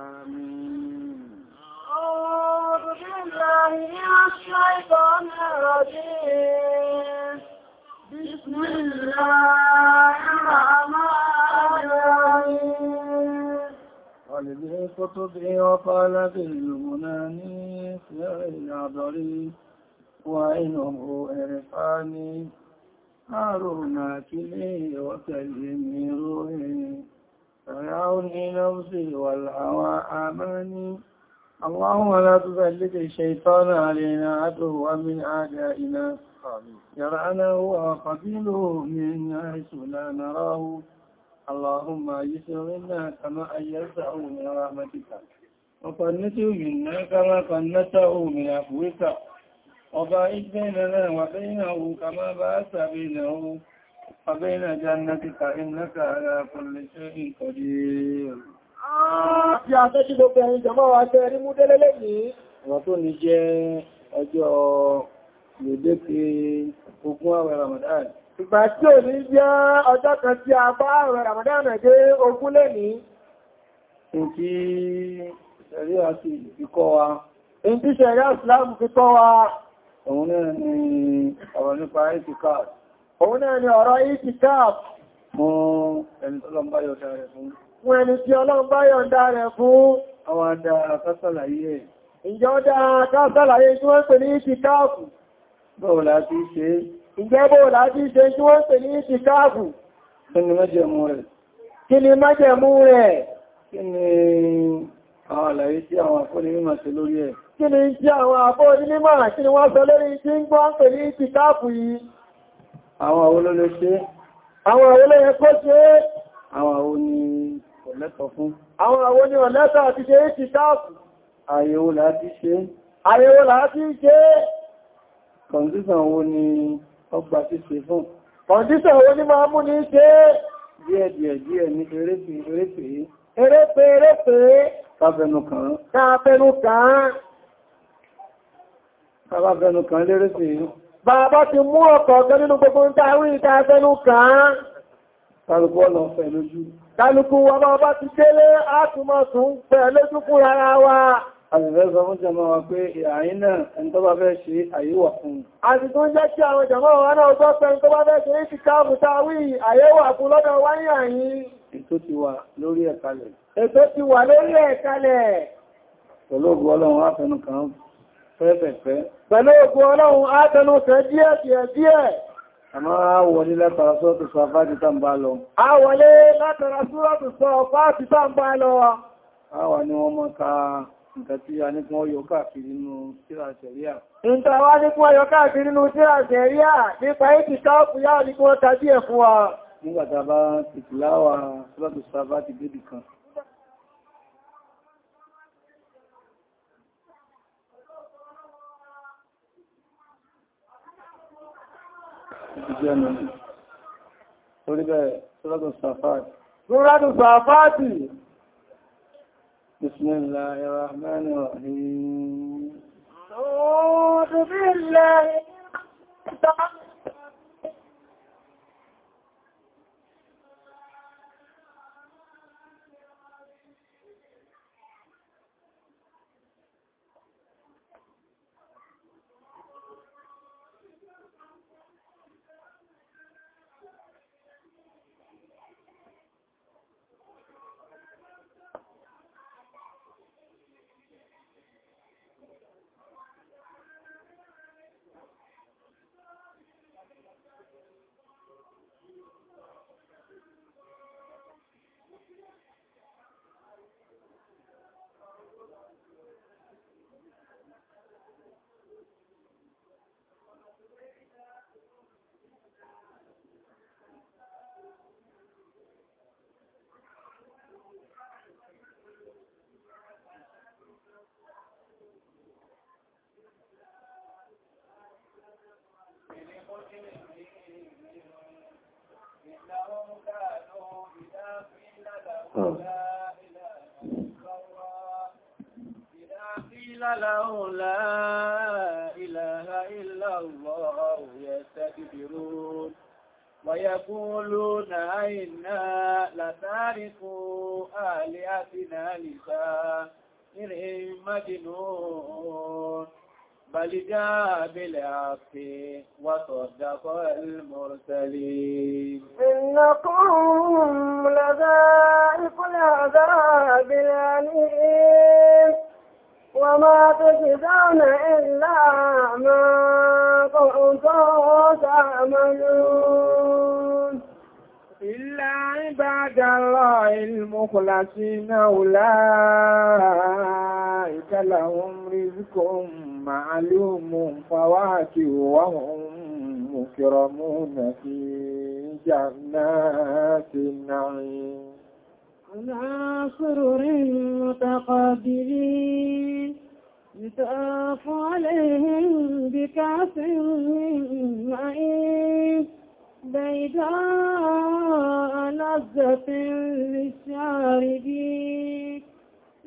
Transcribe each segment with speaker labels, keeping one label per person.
Speaker 1: آمين أعوذ بالله من الشيطان الرجيم بسم الله الرحمن الرحيم ولذي الكتب وقال في المناني في العبري وإنه إرفاني هارون كلي وكلمي روحي فرعون نفسي والهوى آماني اللهم لا تسلط الشيطان علينا عدو من أعدائنا يرعنا وقبيله من حيث لا نراه اللهم أيسر منا كما أيسعه من رحمتك وقنته منا كما قنته من عفوك وباعد بيننا وبينه كما باعت بينه وبين جنتك إنك على كل شيء قدير Ààbí ah, àtẹ́jú gbogbo ẹ̀yìn jọmọ́ wa tẹ́ rí mú délé lẹ́yìn. Wọ́n tó ní jẹ́ ọjọ́ gbèdéke ogún àwẹ̀ Ramadan. Ìgbà tí ò ní jẹ́ ọjọ́ kan tí a bá àwẹ̀ Ramadan dé ogún lẹ́yìn. Ìkí ṣẹ̀rí àti ìfikọ́ wa. Ìkí òun náà ni ọ̀rọ̀ itikaf fún ẹni tí Ọlọ́run bá yọ̀ǹda rẹ̀ fún fún ẹni tí Ọlọ́run bá yọ̀ǹda rẹ̀ fún àwọn adá akásàlàyé ìjọ dá akásàlàyé tí wọ́n pè ní itikaf bọ́ọ̀ láti ṣe ìjẹ́ bọ́ọ̀ láti ṣe tí wọ́n pè ní itikaf kí ni májẹ̀mú rẹ̀ kí ni májẹ̀mú rẹ̀ kí ni àwọn àlàyé tí àwọn àkọ́ni mímọ̀ sí lórí ẹ̀ kí ni tí àwọn àkọ́ni mímọ̀ kí ni wọ́n sọ lórí tí ń gbọ́ ń pè ní yìí àwọn àwọn olóòlò ṣe àwọn àwọn olóòyẹ kó ṣe àwọn àwọn ní ọ̀lẹ́tọ̀ fún àwọn àwọn ní ọ̀lẹ́tọ̀ àti ṣe èkì sáàkù àyẹ̀wò láti ṣe àyẹ̀wò láti ṣe kọ̀ǹdíṣàn wo ni ọgbà ti ṣe fún kọ̀ǹdíṣàn wo ni máa mú ní ṣe díẹ̀díẹ̀ díẹ̀ ní erépe erépe bàbá ti mú ọkọ̀ ọ̀gẹ́ nínú gbogbo ń tàrí ìta ẹfẹ́nú kàán kálukú ọ̀nà ọ̀fẹ́ lójú kálukú wa ti délé átùmọ̀sùn fẹ́ lójú fún ara wa àṣìfẹ́ sọ fún jẹmọ́ wa pé àyín náà ẹn tó bá fẹ́ ṣe àyíwà fún àti tó ń jẹ́ kí àwọn jẹmọ́ wa náà gbọ́ pé ẹn tó bá fẹ́ ṣe ní ṣìkáàbù táwí àyẹ́wà fún lọ́dọ̀ wáyé àyín ètò ti wà lórí ẹ̀kalẹ̀ ètò ti wà lórí ẹ̀kalẹ̀ pẹ́pẹ̀pẹ́ pẹ̀lú ogun ọlọ́run átẹnu fẹ́ díẹ̀ díẹ̀ díẹ̀ àmọ́ àwọlé látara sọ́ọ̀tù sọ afá ti tàn bá lọ àwọlé látara sọ́ọ̀tù sọ afá ti tàn bá lọ àwà ni wọ́n mọ́ ka nǹkan tí a ní kún ọyọ káàkiri nínú síra sẹ̀ríà nǹkan wá ní kún ọyọ káàkiri nínú síra sẹ̀ríà nípa ètì káàkù yáà ní kún ọ nígbàtà bá tìtìláwà sọ́lọ́tù sọ́lọ́tù dédì kan ìjẹnu torí bẹ́ẹ̀ sọ́rọ̀dùn sàfáàtì sọ́rọ̀dùn sàfáàtì bismillahirrahmanirrahim قيل لهم لا إله إلا الله يستكبرون ويقولون إنا لتاركوا آلهتنا لسان إن مجنون بل جاء بالحق وصدق المرسلين إنكم لذائق العذاب الأليم وما تجدون إلا ما كنتم تعملون إلا عباد الله المخلصين أولئك لهم رزقهم معلوم فواكه وهم مكرمون في جنات النعيم على سرر متقابلين يتاف عليهم بكاس من معين بيداء لذة للشاربين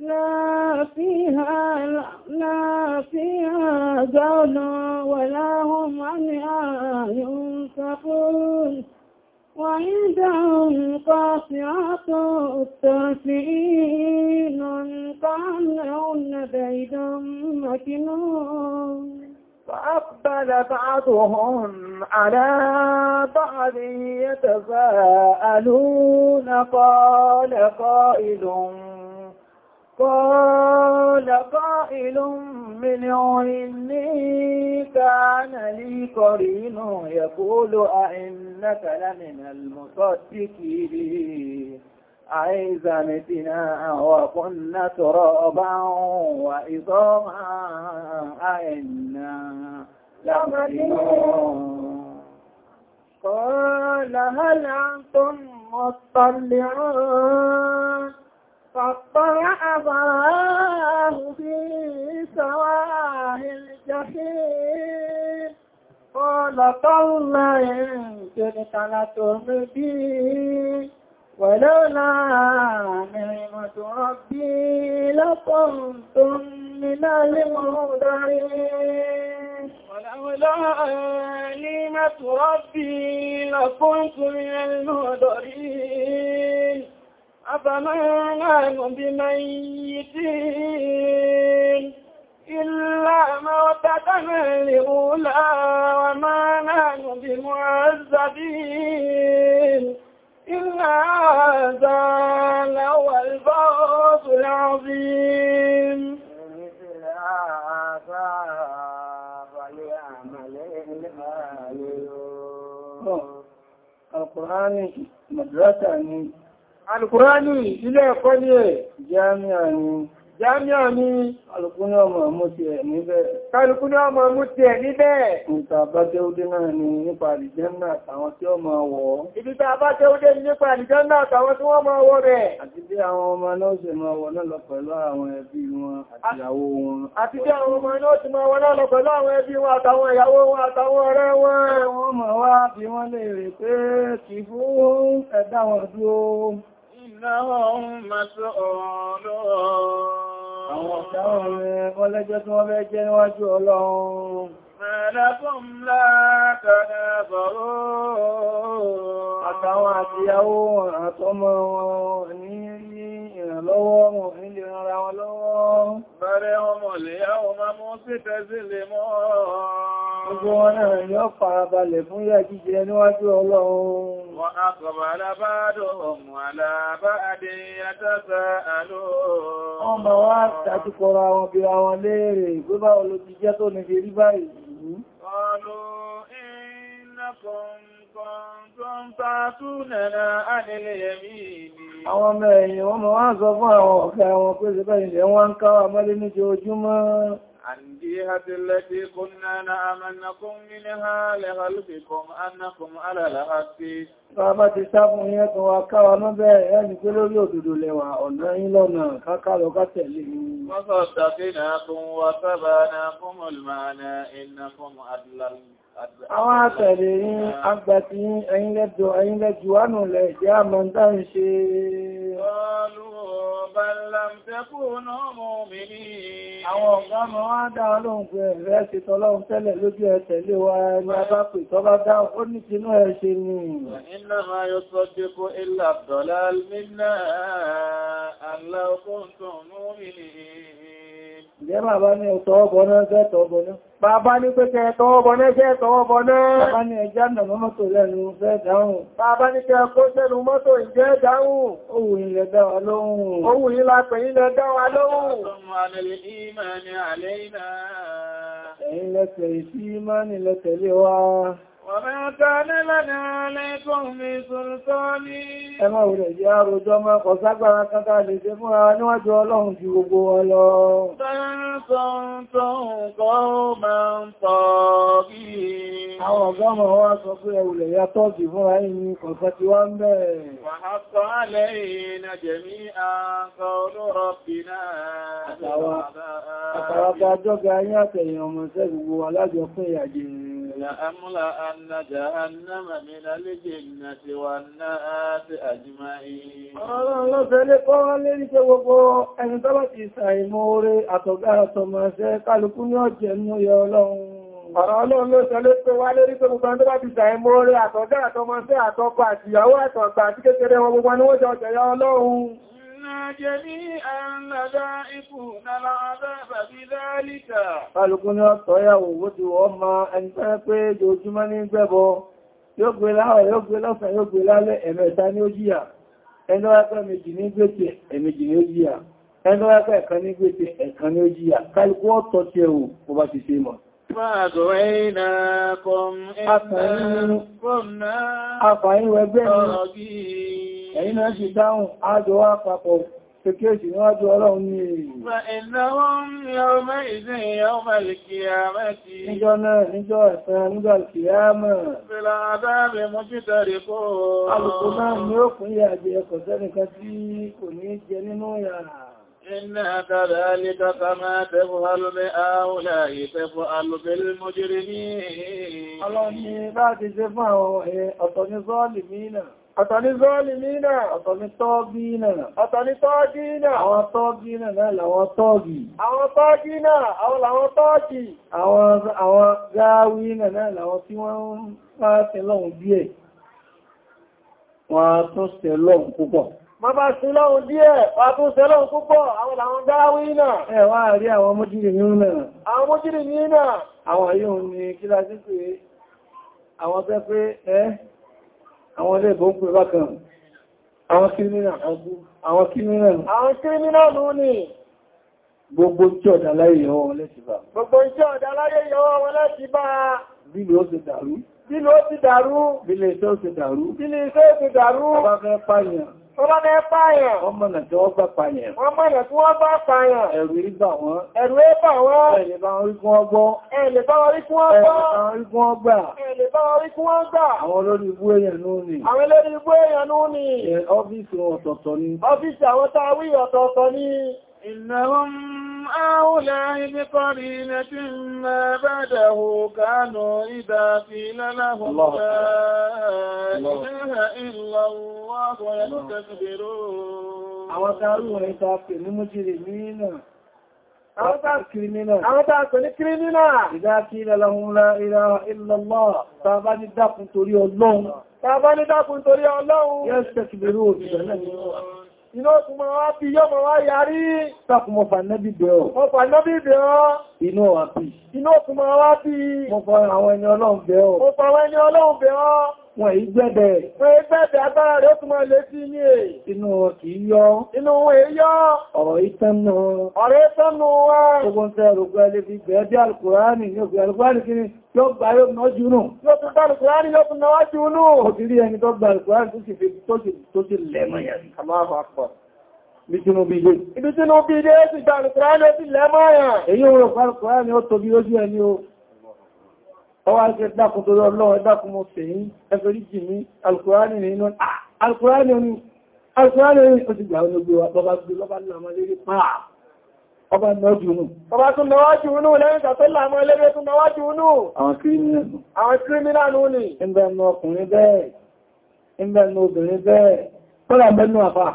Speaker 1: لا فيها لا فيها جول ولا هم عنها ينصفون وعندهم قاصرات التافهين قالهن بيد مكنون فأقبل بعضهم على بعض يتساءلون قال قائل قال قائل من إني كان لي قرين يقول أئنك لمن المصدقين أعيذا متنا وكنا ترابا وإظاما أئنا لمدينون قال هل أنتم مطلعون فاطلع فراه في سواه الجحيم قال طلع إن كنت لتهدي ولولا نعمة ربي لكنتم من المهدرين ولولا نعمة ربي لكنت من المهدرين أفما نحن بميتين إلا موتتنا الأولى وما نحن بمعذبين إن هذا لهو العظيم القرآن مدرسة alùkùránì ilé ẹ̀kọ́ ní ẹ̀ jámíà ni jámíà ní alùkùnrin ọmọ àmúti ẹ̀ níbẹ̀ kálùkùnrin ọmọ àmúti ẹ̀ níbẹ̀ níta bá tẹ́ ó náà ni nípa àlìjẹ́nà àtàwọn tí ó máa wọ̀ ọ́ ibi tá a bá tẹ́ ó dé ní nípa àlìjẹ́nà àtàwọn tí wọ́n máa wọ̀ rẹ̀ àti bí àwọn ọmọ náà ṣe máa wọ̀ náà lọ Ìnáhùn mẹ́sùn Àwọn ọ̀gá ọ̀rẹ́ ọlẹ́jọ́ tí wọ́n fẹ́ jẹ́ níwájú Ọlọ́run. ما لكم لا تنافرون àtàwọn àtìyàwó àtọmọ wọn ní ìrànlọ́wọ́ wọn nílé ara wọn lọ́wọ́ bẹ̀rẹ̀ ọmọ lèyàwó ma mú sí tẹ́sí lè mọ́
Speaker 2: ọgbọ́ wọn náà yóò
Speaker 1: farabalẹ̀ fún yà jíjẹ níwájú ọlọ́run wọn akọ̀bà alábádọ̀ قالوا إنكم Àwọn ọmọ ẹ̀yìn wọ́n mọ̀ wá sọ fún àwọn ọ̀gá wọn pé ṣe bẹ́yìn lẹ́wọ́n ń káwà mọ́lé ní ojúmọ́. الجهة التي كنا نأمنكم منها لغلبكم أنكم على الحق Bàbá ti sáfún yẹn tó wà káwà ló bẹ́ẹ̀ ẹni pé lórí òdòdó lẹ́wà ọ̀nà yìí lọ́nà kákàlọ ká tẹ̀lé ní. Mọ́sọ̀ tàbí náà kún wà sábà náà kún mọ̀lùmọ̀ náà ìnà kún àdìlàlù àwọn àtẹ̀lẹ̀ yìí agbàtí ẹ̀yìn lẹ́jọ ẹ̀yìn lẹ́jọ wánù lẹ̀ jẹ́ àmọ́ dá ń ṣe àwọn ọ̀gá mọ́ wá dá ọlọ́run pé ẹ̀rẹ́ ṣe tọ́lọ́run tẹ́lẹ̀ lójú ẹ̀tẹ̀lé wa ní abá pè tọ́ bá dá ó ní tinú ẹ̀ ṣe ni Ìjẹ́ bàbá ní ọ̀tọ̀ ọbọ̀ náà jẹ́ ẹ̀tọ̀ ọbọ̀ náà. Bàbá ní pẹ́kẹ́ ẹ̀tọ̀ ọbọ̀ náà jẹ́ ẹ̀tọ̀ ọbọ̀ náà. Bàbá ní ẹjá nà mọ́tò lẹ́nu fẹ́ dáhùn. Bàbá ní kẹ́ ẹkọ́ sẹ́nu mọ́tò ìjẹ́ dáhùn. Òwù ilẹ̀ dá wa lóhùn. Òwù ilẹ̀ pẹ̀ ilẹ̀ dá وما كان لنا عليكم من سلطان ẹ má jẹ́ àròjọ mọ́ ọkọ̀ ságbára lè ṣe fún ara níwájú ọlọ́run ju gbogbo wọn Àwọn ọ̀gá ọmọ wa sọ pé ẹwùlẹ̀ ya tọ́ọ̀sì fún ara yìí kọ̀ọ̀kan ti wá ń bẹ̀. Àtàwàtà àjọ́gà ayé àtẹ̀yìn ọmọ ṣẹ́ gbogbo وجعلنا جهنم من الجنة والناس أجمعين ọlọ́run ló fẹ́lé kọ́ wá lérí pé gbogbo ẹni tó bá ti ṣàìmọ̀ oore àtọ̀gá ọ̀rọ̀ ọlọ́run ló sọ lé pé wá lérí pé gbogbo ẹni bá ti ṣàìmọ̀ oore àtọ̀gá àtọ̀mọ̀ṣẹ́ àtọ́kọ àtìyàwó àtọ̀gbà àti kékeré wọn gbogbo ni wọ́n jọ jẹ̀yà ọlọ́run وظننا جميعا لذائقون العذاب بذلك قالوا ọ̀tọ̀yàwó bó ti wọ́n ma ẹni tẹ́ pé jojúmọ́ ní gbẹ́bọ yóò gbé láàrọ̀ yóò gbé lọ́sàn yóò gbé lálẹ́ ẹ̀mẹ́ta ní ó jíyà ẹni wáyé méjì ní gbẹ́tẹ̀ ẹ̀mẹ́jì ní ó فأغويناكم إنكم Ẹ̀yìn náà ṣe dáhùn àjọ àpapọ̀ fèkéèsì níwájú ọlọ́run ní èyí. Ìnáwọ́n yóò mẹ́ ìdí ìyàwó mẹ́lìkìyà mẹ́tì. Níjọ́ náà níjọ́ ẹ̀sẹ̀ nígbà kìyà mẹ́. Fìlà àdáàbì mú títà rí kó. Alùkù náà ni ó kún yà jẹ ẹkọ̀ sẹ́nìkan tí kò ní jẹ nínú yàrá. إنا كذلك كما تفعل بأولاء تفعل بالمجرمين الله ni bá ti ṣe fún àwọn ọ̀tọ̀ ní zọ́ọ̀lìmínà ọ̀tọ̀ ní zọ́ọ̀lìmínà ọ̀tọ̀ ní tọ́ọ̀gínà ọ̀tọ̀ ní tọ́ọ̀gínà àwọn tọ́ọ̀gínà náà làwọn tọ́ọ̀gì àwọn tọ́ọ̀gínà àwọn làwọn tọ́ọ̀gì àwọn gáwínà náà làwọn tí wọ́n ń pàá tẹ́lọ́hun díẹ̀ wọ́n tún tẹ́lọ́hun púpọ̀ ma bá sí lọ́hun díẹ̀ wà tún sẹ lọ́hun púpọ̀ àwọn àwọn dáwí náà ẹ̀wà rí àwọn mójìrì yìí náà àwọn mójìrì yìí náà àwọn yíò ní kí láti pé àwọn fẹ́ pé ẹ́ àwọn ilé ìbò ń pè bákan àwọn kírímínà ló ní gbogbo tí ọ̀dá láyé yọ wọn lẹ́ti bá gbogbo tí ọ̀dá láyé fẹ́ pààyàn Wọ́n bá mẹ́ pààyàn. Wọ́n mọ̀nà tí wọ́n bá pààyàn. Wọ́n mọ̀nà tí wọ́n bá pààyàn. Ẹ̀rù ìbà wọn. Ẹ̀rù ìbà wọn. Ẹ̀lẹ̀ bá wọn rí kún ọgbọ́. Ẹ̀lẹ̀ bá wọn rí kún ọgbọ́. Ẹ̀lẹ̀ bá wọn rí kún ọgbà. Ẹ̀lẹ̀ bá wọn rí kún ọgbà. Àwọn olórí ibú èèyàn nú ni. Àwọn olórí ibú èèyàn nú ni. Ọ́fíìsì ọ̀tọ̀ọ̀tọ̀ ni. Ọ́fíìsì àwọn táwí ọ̀tọ̀ọ̀tọ̀ ni. إنهم أولى بقرينة ما بعده كانوا إذا قيل لهم لا إله إلا الله يستكبرون Àwọn tààrù wọn ìta pè ní mújìrì mìíràn. Àwọn tààrù pè ní kírínínà. Ìdá kí ilẹ̀ lọ́hun la ilaha illallah, tàbá ní dákun torí Ọlọ́run. Tàbá ní dákun torí Ọlọ́run. Yẹ́ iná tún máa wá bí yọ́ máa wá yarí sákùn mọ́fà nẹ́bí bẹ̀ọ́ mọ́fà nẹ́bí bẹ̀ọ́ iná wà bí iná tún máa wá bí mọ́fà àwọn ẹni ọlọ́run bẹ̀ọ́ wọn èyí gbẹ́bẹ̀ wọn èyí gbẹ́bẹ̀ agbára rẹ̀ ó túnmọ̀ lé sí ní è inú wọn kì í yọ́ inú wọn èyí yọ́ ọ̀rọ̀ ìtẹ́nu ọ̀rọ̀ ìtẹ́nu wọn ogun tẹ́ rògbẹ́ lè fi gbẹ́ bí alùkùránì ní ògbẹ́ alùkùránì kí ni yóò gbà yóò náà jùnú yóò tún gbà alùkùránì yóò tún náà jùnú òkìrí ẹni tó gbà alùkùránì tó sì fi tó sì lẹ́mọ̀ yẹn kàmáà Ibi tí mo bí ilé. Ibi tí mo bí ilé ó sì gbà alùkùránì ó sì lẹ́mọ̀ yẹn. Èyí òun rọ̀ gbà alùkùránì ó tóbi lójú ẹni o ọwá ṣe dákùn tó lọ lọ́wọ́ dákùn mo fè yí ẹfẹ́rí jì ní alkùránì ní inú alkùránì ní alkùránì ní ó ti gbà ọ́nà gbé wa bọ́bá gbé lọ́bá lámọ́ lérí pàá ọba nọ́jú nù ọba tún nọwájú nù lẹ́yìn tàbí lámọ́ lérí tún nọwájú nù àwọn kírímínà nù ní ìbẹ̀nu ọkùnrin bẹ́ẹ̀ ìbẹ̀nu obìnrin bẹ́ẹ̀ kọ́lá ìbẹ̀nu àfà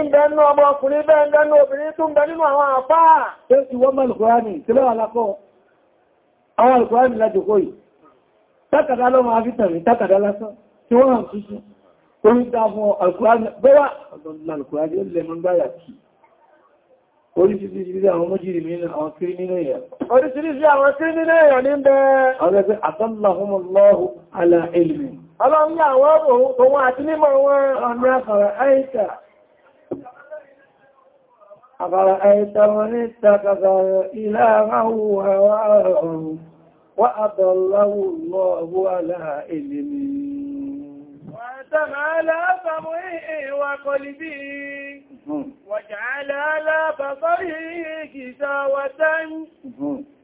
Speaker 1: ìbẹ̀nu ọmọ ọkùnrin bẹ́ẹ̀ ìbẹ̀nu obìnrin tún bẹ nínú àwọn àfà tákàdá lọ́mọ afítàrí tákàdá lásán tí wọ́n hàn tútù orí dáfún alkùránì bọ́wà alkùránì ó lè mọ́ gbáyà kí oríṣìíríṣìí àwọn mọ́jìrì mìíràn àwọn kírímínà èèyàn oríṣìíríṣìí àwọn kírímínà èèyàn ní bẹ́ẹ̀ àwọn ẹgbẹ́ àtàlàhùnmọ̀lọ́hù ala ilmi ọlọ́run ní àwọn ọ̀rọ̀ òun àti nímọ̀ wọn ọ̀nà àkàrà àìsà àkàrà àìsà wọn ní ìtàkàrà ìlà àwọn àwọn àwọn وأضله الله على علم وأتم على سمعه وقلبه وجعل على بصره كساوة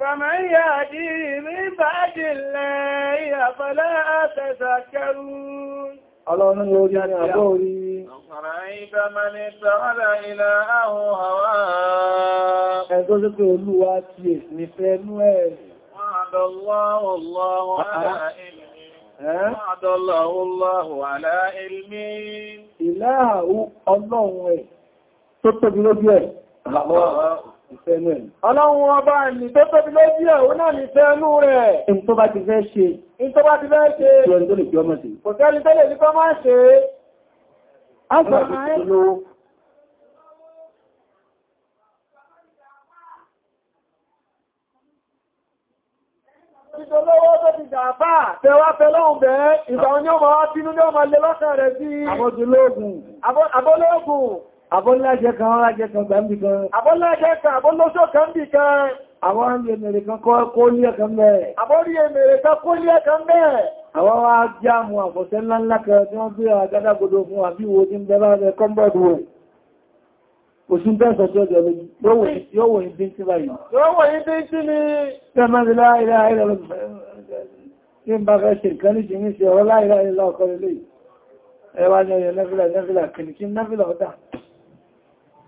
Speaker 1: فمن يهديه من بعد الله فلا تذكرون Ọlọ́run ló rí àrí àbọ́ orí. Ọ̀sànà ìgbà máa ní tààlà ìlà ààrùn àwárá. وعد الله الله على علمي وعد الله الله على علمي إله الله tó tóbi lójú ẹ̀ ọlọ́run ọba ẹ̀mì tó tóbi lójú ẹ̀ ó náà ní fẹ́ẹ̀lú rẹ̀ in tó bá ti fẹ́ ṣe in tó bá ti fẹ́ ṣe kò sẹ́ni tó lè fi ọmọ dolówó tó ti dàbà tẹwà fẹ́lọ́hùn bẹ́ẹ̀ ìgbà wọn ni ó máa bínú ní ọmọ lè lọ́kàn rẹ̀ sí abọ́dúlógún abọ́lógún abọ́lájẹ́ kan rájẹ́ kan gbàmbì kan abọ́lájẹ́ kan abọ́lóṣọ́ kan bì kan àwọn àmì èmèrè kan kó ní ẹ̀kan bẹ́ẹ̀ àbọ́rí èmèrè kan kó ní ẹ̀kan bẹ́ẹ̀ àwọn wá jáàmù àfọ̀sẹ́ ńlá ńlá kan tí wọ́n gbé àgádágodo fún àbíwo tí ń bẹ́bá rẹ̀ kọ́mbọ̀dù òṣùn bẹ́ẹ̀sọ̀ tí ó jẹ́ lójú yóò wòye bí tí báyìí yóò wòye bí tí ní tẹ́mọ́dé láìlá ìlà tí ń bá fẹ́ ṣe ìkan ní ṣe ní ṣe ọ̀rọ̀ láìlá ìlà ọkọ̀ lélẹ̀ ẹwà ní ọyọ̀ nẹ́fìlà nẹ́fìlà kìnnìkí nẹ́fìlà ọ̀dá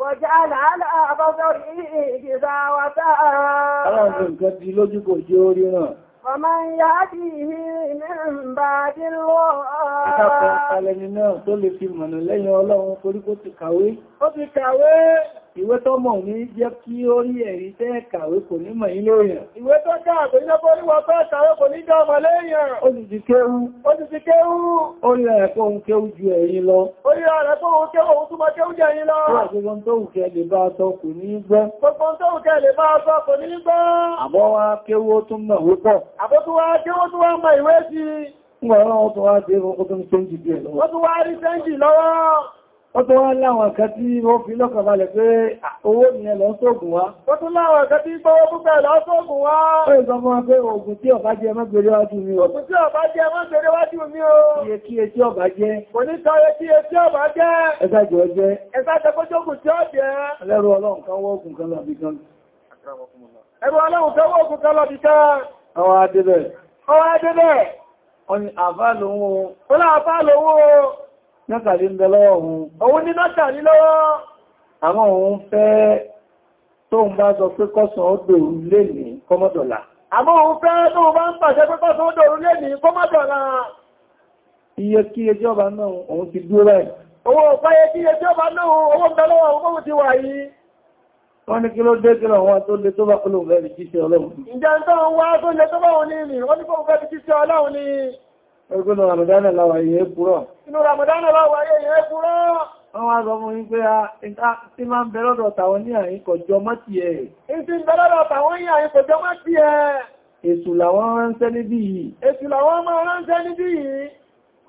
Speaker 1: Wọ̀jálà aláàbọ́sọ̀ rí ìgbìzáwátá. Àwọn nǹkan ti lójú kò jẹ́ orí náà. Ọmọ ìyá bí i ní bá dí lọ. Ìtàkùn alẹ́ni náà tó lè fi mọ̀nà lẹ́yìn Ọlọ́run torí kó ti kàwé. Ó ti kàwé ìwé tó mọ̀ ní jẹ́ kí ó rí ẹ̀rí tẹ́ kàwé kò ní mọ̀ inú èèyàn. ìwé tó dá àgbé lọ́pọ̀ oníwọ̀ fẹ́ kàwé kò ní dá ọmọ léèyàn. ó ti ti kéwú. ó ti ti kéwú. ó rí ẹ̀rẹ̀ pé òun kéwú ju ẹ̀yin lọ. ó rí ẹ̀rẹ̀ pé òun kéwú òun túnmọ̀ kéwú jẹ́ ẹ̀yin lọ. gbogbo tó wù kẹ́ lè bá sọ kò ní gbọ́. gbogbo tó wù kẹ́ lè bá sọ kò ní gbọ́. àbọ̀ wa kéwú ó tún mọ̀ wípọ̀. wá kéwú tó wá ó tó wá láwọn ǹkan tí ó fi lọ́kàn balẹ̀ pé owó ìyẹn lọ sóògùn wá. ó tún láwọn ǹkan tí gbọ́wọ́ púpẹ̀ lọ sóògùn wá. ó ìsọ fún wọn pé oògùn tí ọ̀bá jẹ mọ́gbèrè wájú mi o. oògùn tí ọ̀bá jẹ mọ́gbèrè wájú mi o. iye kí etí tí ó o. ó láàbá lòun nákàlí ń bẹ lọ́wọ́ òun òun ní nákàlí lọ́wọ́ àwọn òun fẹ́ tó ń bá sọ pé kọ́sàn ó dòrú lè ní kọmọ́dọ̀lá àmọ́ òun fẹ́ tó bá ń pàṣẹ pé kọ́sàn ó dòrú lè ní kọmọ́dọ̀lá iye kí ẹjọ́ bá náà òun ti dúró rẹ̀ owó ọ̀páyé kí ẹjọ́ bá náà owó ń bẹ lọ́wọ́ òun ti wà yìí wọ́n ní kí ló dé kí lọ́wọ́ tó lè tó bá kúlò fẹ́ fi jíṣẹ́ ọlọ́run. ìjẹ́ ń tọ́ wá tó lè tó bá wọn ní ìrìn wọ́n ní Ẹgbẹ́nà Ramadana láwà yẹ kúrọ̀. Inú Ramadana láwà yẹ kúrọ̀. Wọ́n wá sọ fún wípé a ti máa ń bẹ lọ́dọ̀ tàwọn ní àyín kọjọ mọ́tí ẹ̀. Ìsìn bẹ lọ́dọ̀ tàwọn ní àyín kọjọ mọ́tí ẹ̀. Èṣù làwọn ránṣẹ́ níbí yìí. Èṣù làwọn máa ránṣẹ́ níbí yìí.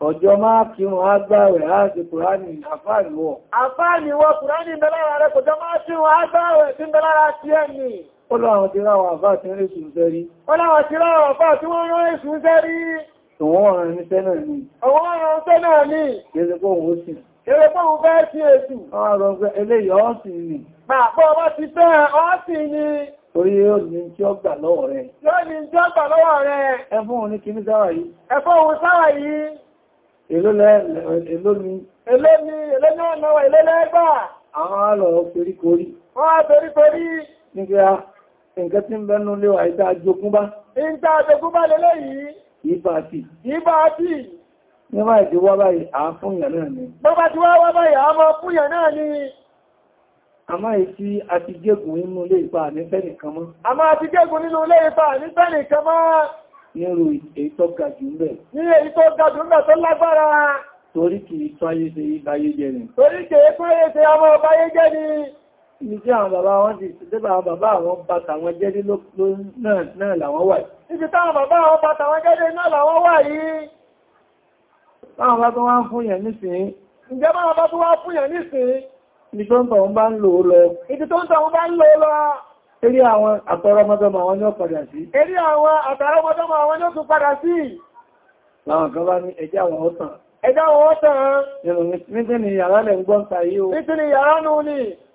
Speaker 1: Ọjọ́ máa kírun agbáwẹ̀ láti Kùránì àfáàníwọ̀. Àfáàníwọ̀ Kùránì ń bẹ lára rẹ̀ kọjọ́ máa kírun agbáwẹ̀ tí ń bẹ ẹ̀mì. Ó láwọn ti tí ń àfáà tí wọ́n rán Òun ọ̀rọ̀ ní sẹ́nà ní. Òun ọ̀rọ̀ sẹ́nà ní. Gẹ́gẹ́ pọ̀ òun sì. Gẹ́gẹ́ pọ̀ òun bẹ́ẹ̀ sí èsù. Àwọn ọ̀rọ̀ pé eléyìí ọ́sìn ni. Máa pọ̀ ọba ti fẹ́ ọ́sìn ni. Orí yóò ní tí ó gbà lọ́wọ́ rẹ̀. Yóò ní tí ó gbà lọ́wọ́ rẹ̀. Ẹ fún òun ní kí ní sáwà yìí. Ẹ fún òun sáwà yìí. Èló ni. Èló ni, èló ni ọ̀nà èlé lẹ́gbà. Àwọn àlọ́ perí Wọ́n á perí ìbáàtì ti, nígbà wá báyìí àá fún ìyà náà ni bọ́bá ti wá wá báyìí àá mọ́ fún ìyà náà ni a máa a àti gégùn nínú ilé ìpa ní fẹ́nìkan mọ́ a máa ti gégùn nínú ilé ìpa ní fẹ́nìkan mọ́ nírú èyí tó ga jù ń bẹ̀ ní èyí tó ga jù ń bẹ̀ tó lágbára torí kìí tó ayé ṣe ibáyé jẹ́ ni torí kìí tó ayé ṣe ọmọ ibi tí àwọn bàbá wọn ti àwọn bàbá àwọn bàtà wọn jẹ́dé náà làwọn wà yìí. bàbá àwọn bàtà wọn náà làwọn wà yìí. báwọn bá tó wá ń fún yẹn nísìnyí. báwọn fún nísìnyí. bá ń lò ó lọ.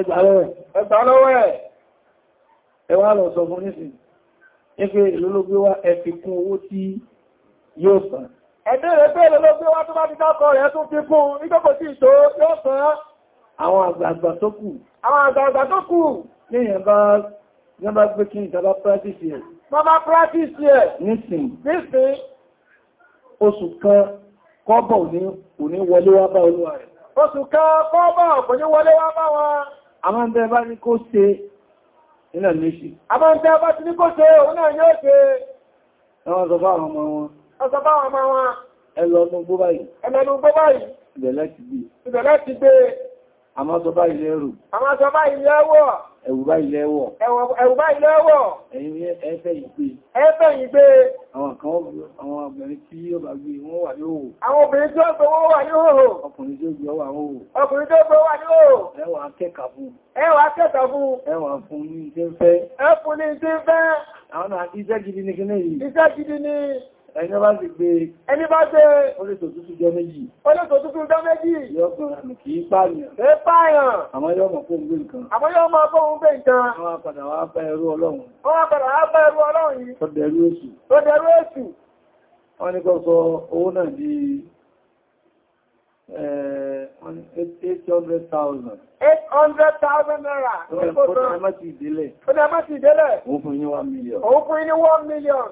Speaker 1: ẹgbà lọ́wọ́ ẹ̀ ẹwà lọ sọ fún nísìn ẹgbẹ́ ìlólógbé wá ẹfi kún owó tí yóò sàn ẹ̀dẹ́ rẹ̀ pé ìlólógbé wá tó bá ti dákọ̀ rẹ̀ tó fi kún nígbàkọ̀ sí ìṣò yóò sàn àwọn àgbààgbà tó kù àwọn àgbààgbà tó kù ní ìyẹn bá gbé kí ìjọba practice ẹ̀ bàbá practice ẹ̀ àwọn tẹ́ bá ní kó ṣe iná méṣì àwọn tẹ́ bá ti ní kó ṣe òun náà yóò ṣe ẹwọ́n sọ bá àwọn ọmọ wọn ọsọ bá ìbẹ̀lẹ́ ti gbé àmọ́ sọ báyìí lẹ́rù àmọ́ sọ báyìí lẹ́wọ̀ Ẹ̀wù báyìí lẹ́wọ̀. Ẹ̀wù báyìí lẹ́wọ̀. Ẹ̀yìn ẹ̀fẹ́ ìgbé. Ẹ̀fẹ́ ìgbé. Àwọn kan àwọn obìnrin tí ó bá gbé wọ́n wà ní òhò. Àwọn obìnrin tí ó gbé wọ́n wà ní òhò. Ọkùnrin tí ó gbé wà ní òhò. Ọkùnrin tí ó gbé wà ní òhò. Ẹwà akẹ́kà fún. Ẹwà akẹ́kà fún. Ẹwà fún ní ẹni bá sì gbé ẹni bá jẹ́ olóòtòtútù jọ méjì olóòtòtútù jọ méjì yóò kùnrin kì í pààyàn ẹ pààyàn àmọ́ yóò mọ̀ fún gbé nǹkan àmọ́ yóò mọ̀ fún gbé nǹkan wọ́n padà wá bá ẹrú ọlọ́run wọ́n padà wá bá ẹrú ọlọ́run yìí tó dẹ̀rú èṣù tó dẹ̀rú èṣù wọ́n ní a sọ owó náà di 800,000 800,000 naira ó dẹ̀ má ti ìdílẹ̀ ó fún yín 1 million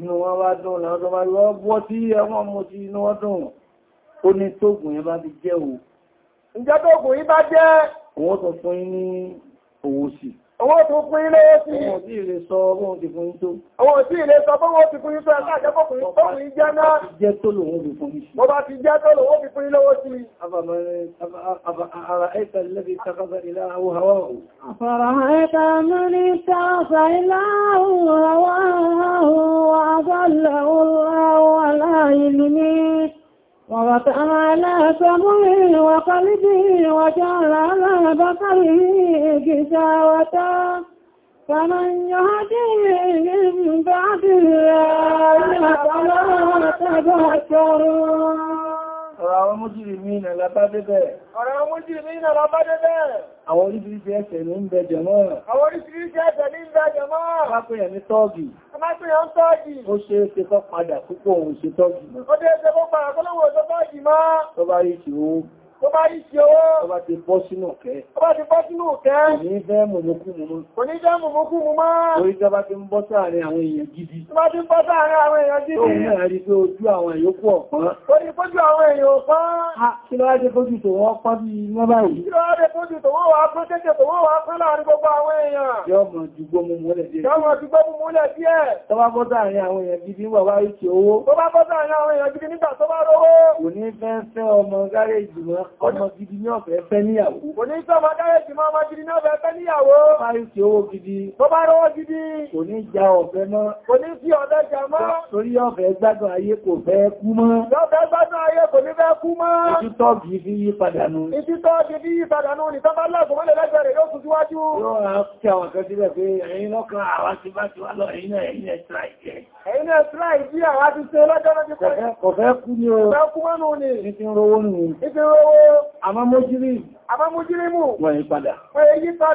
Speaker 1: inú wọn wá dùn láwọn tó bá rí bọ́ sí ẹwọ́n mú sí inú wọn dùn ó ní tóògùn yẹn bá ti jẹ́ òun ìjọ́ tóògùn yìí bá jẹ́ òun sọ fún yín ní òwòsì Owó tó fún ilé sí. Owó tí ilé sọ owó ti fún tó. Owó tí ilé sọ bọ́wọ́ ti fún tó ẹ̀ká àjẹ́kọ̀kùnrin tó ń jẹ́ náà. Jẹ́ tó lòun ó fi fún ìṣẹ́. Bọ́bá ti jẹ́ tó lòun ó fi fún ilé owó sí. Àfàrà ẹ̀ta lẹ́bí tàkàzà ilá àwọn hawa. Àfàrà ẹ̀ta mẹ́rin tàkàzà ilá àwọn hawa. Àfàrà ẹ̀ta mẹ́rin tàkàzà ilá àwọn hawa. ورفع على سمعه وقلبه وجعل على بصره كساوة فمن يهديه من بعد الله فلا تذكرون ọ̀rọ̀ àwọn mójìrì mìíràn lábádẹ́bẹ̀ àwọn oríṣiríṣi ẹ̀ṣẹ̀ ní ń bẹ jẹ̀mọ́ àwọn oríṣiríṣi ẹ̀ṣẹ̀ ní ń bẹ jẹ̀mọ́ alápẹ̀yẹ̀ ní tọ́ọ̀gì ó ṣe é ṣe kọ́ padà púpọ̀ òun ṣe tọ́ọ̀gì tó bá rí ṣe owó tó bá ti bọ́ sínú ọ̀kẹ́ tó bá ti bọ́ sínú ọ̀kẹ́ kò ní jẹ́ mọ̀mọ́kú mọ́ kò ní jẹ́ mọ̀mọ́kú mọ́ máa orí tó bá ti ń bọ́ sáàrin àwọn èèyàn gidi tó bá ti ń bọ́ sáàrin àwọn èèyàn gidi tó náà rí pé ojú àwọn èèyàn pọ̀ pọ́n tó ní pójú àwọn èèyàn pọ́n kí ló wá dé pójú tó wọ́n pọ́n bí iná báyìí kí ló wá dé pójú tó wọ́n wá pọ́n kéèkéè tó wọ́n ọmọ gidi ní ọ̀fẹ́ fẹ́ níyàwó. Kò ní sọ ọmọ dáyé ti máa ọmọ gidi ní ọ̀fẹ́ fẹ́ níyàwó. Máyí ti owó gidi. Tó bá rọ́wọ́ gidi. Kò ní ja ọ̀fẹ́ mọ́. Kò ní sí ọ̀fẹ́ jà mọ́. Torí ọ̀fẹ́ gbádùn ayé kò fẹ́ kú mọ́. Lọ́fẹ́ gbádùn ayé kò ní fẹ́ kú mọ́. Ìtítọ́ kì í fi yí padà nù. Ìtítọ́ kì í fi yí padà nù ní tọ́bá lọ́gbọ̀n mọ́lẹ̀ lẹ́gbẹ̀ẹ́ rẹ̀ lókùn síwájú. Yóò rà kí àwọn kan sílẹ̀ pé ẹ̀yin lọ́kàn àwa ti bá ti wá lọ ni o. Kọ̀fẹ́ àmọ́ mójírí mú wọ́n yí padà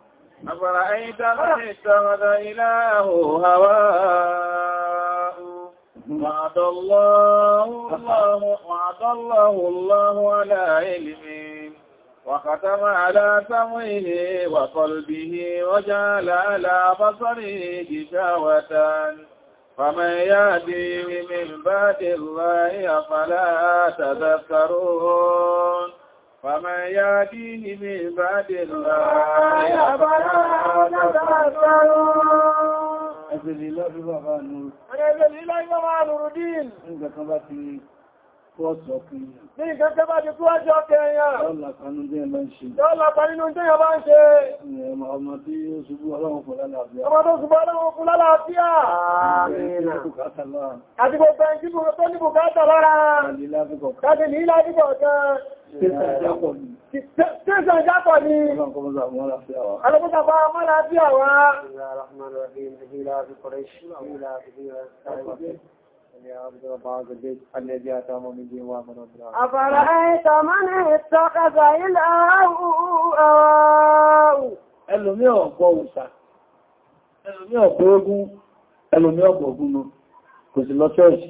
Speaker 1: أفرأيت من اتخذ إله هواء وعد الله الله وعد الله الله على علمه وختم على سمعه وقلبه وجعل على بصره جشاوة فمن يهديه من بعد الله أفلا تذكرون فما يأتيه من بعد الله يبرا تتبرا Ẹgbẹ̀lẹ̀ ilọ́ ìbọ̀bá nùrù. Ẹgbẹ̀lẹ̀ ilọ́ ìbọ̀bá nùrù dín. Ẹgbẹ̀kan bá ti Wọ́sọ̀ fún yà. Ní ìgbẹ́gbẹ́ bá ti kúwájọ́ kẹrìyà. Lọ́la kanú bí ẹ bá ń ṣe. Lọ́la kanú bí ẹ bá ń ṣe. Ọmọ tí ó ṣubú ọlọ́run fún lálàáfíà. Ọmọ tó ṣubú ọlọ́run fún lálàáfíà. Àmín. Àti gbogbo ẹni tó ní bùkátà lára. Káàdì ní ilá àdúgbò kan. Tẹ́sàn jápọ̀ ni. Alọ́kọ́ta bá mọ́ láàáfíà wá. أفرأيت من اتخذ إله أواه ẹlòmí ọ̀gbọ́ òṣà ẹlòmí ọ̀gbọ́ ogun ẹlòmí ọ̀gbọ́ ogun nù kò sí lọ ṣọ́ọ̀ṣì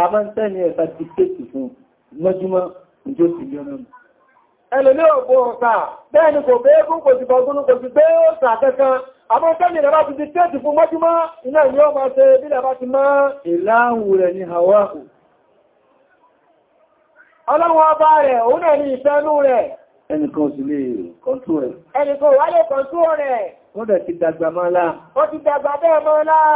Speaker 1: a máa ń tẹ́ ní ẹ̀ta dìkéèkì fún lọ́júmọ́ ìjọ́sìn lọ́nà ẹlòmí ògbò ọ̀sà bẹ́ẹ̀ni kò bẹ́ẹ̀ kún kò sì bọ̀gúnú kò sì gbé ọ̀sà kankan àwọn tẹ́lì rẹ̀ bá ti di tẹ́ẹ̀tì fún mọ́júmọ́ iná ìlú ọmọ ṣe bí lẹ bá ti mọ́ ìláhù rẹ̀ ní hawahu wọ́n ti dàgbà máa láà. Ó ti dàgbà bẹ́ẹ̀ mọ́ láà.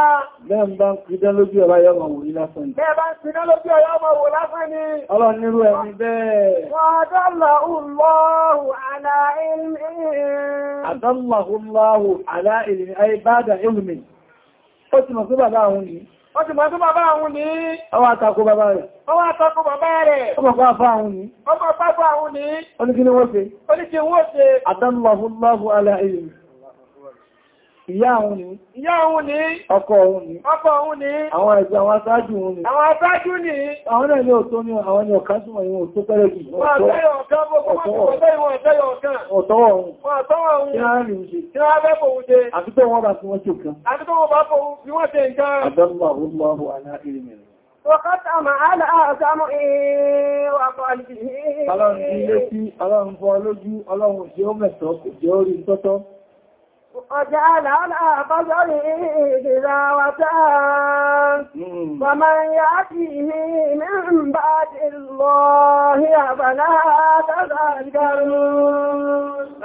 Speaker 1: Bẹ́ẹ̀ ń bá ń pidán lójú ọ̀rá yọ́ wò lásán ni. Bẹ́ẹ̀ bá ń pidán lójú ọ̀rá mọ̀ wò lásán ni. Ọlọ́run nírú ẹni bẹ́ẹ̀. Adallahu Allahu ala ilmi. Adallahu Allahu ala ilmi, ilmi. Ó ti mọ̀ sí bàbá àwọn ni. Ó ti mọ̀ sí bàbá àwọn ni. Ọwọ́ àtakó bàbá rẹ̀. Ọwọ́ àtakó bàbá rẹ̀. Ọmọ Ó ní kí ni wọ́n ṣe? Ó ní kí wọ́n ṣe? Adallahu Allahu ala ilmi ìyá òun ni ìyá òun ni ọkọ òun ni ọkọ òun ni àwọn ẹ̀sẹ̀ àwọn aṣáájú òun ni àwọn aṣáájú ni àwọn náà ní òtó ní àwọn ní ọ̀kan súnmọ̀ ìwọ̀n òtó pẹ́rẹ́ jù ọ̀tọ́wọ̀ òun Wọ̀kátàmà aláàzámọ́ èèrè wàkọ̀ alìbìí. Ọlọ́run ilé tí ọlọ́run fọ́ lójú, ọlọ́run jẹ́ ó mẹ́sàn kò jẹ́ orí tọ́tọ́. وجعل على بصره غلاوة ومن يأتيه من بعد الله فلا تذكرون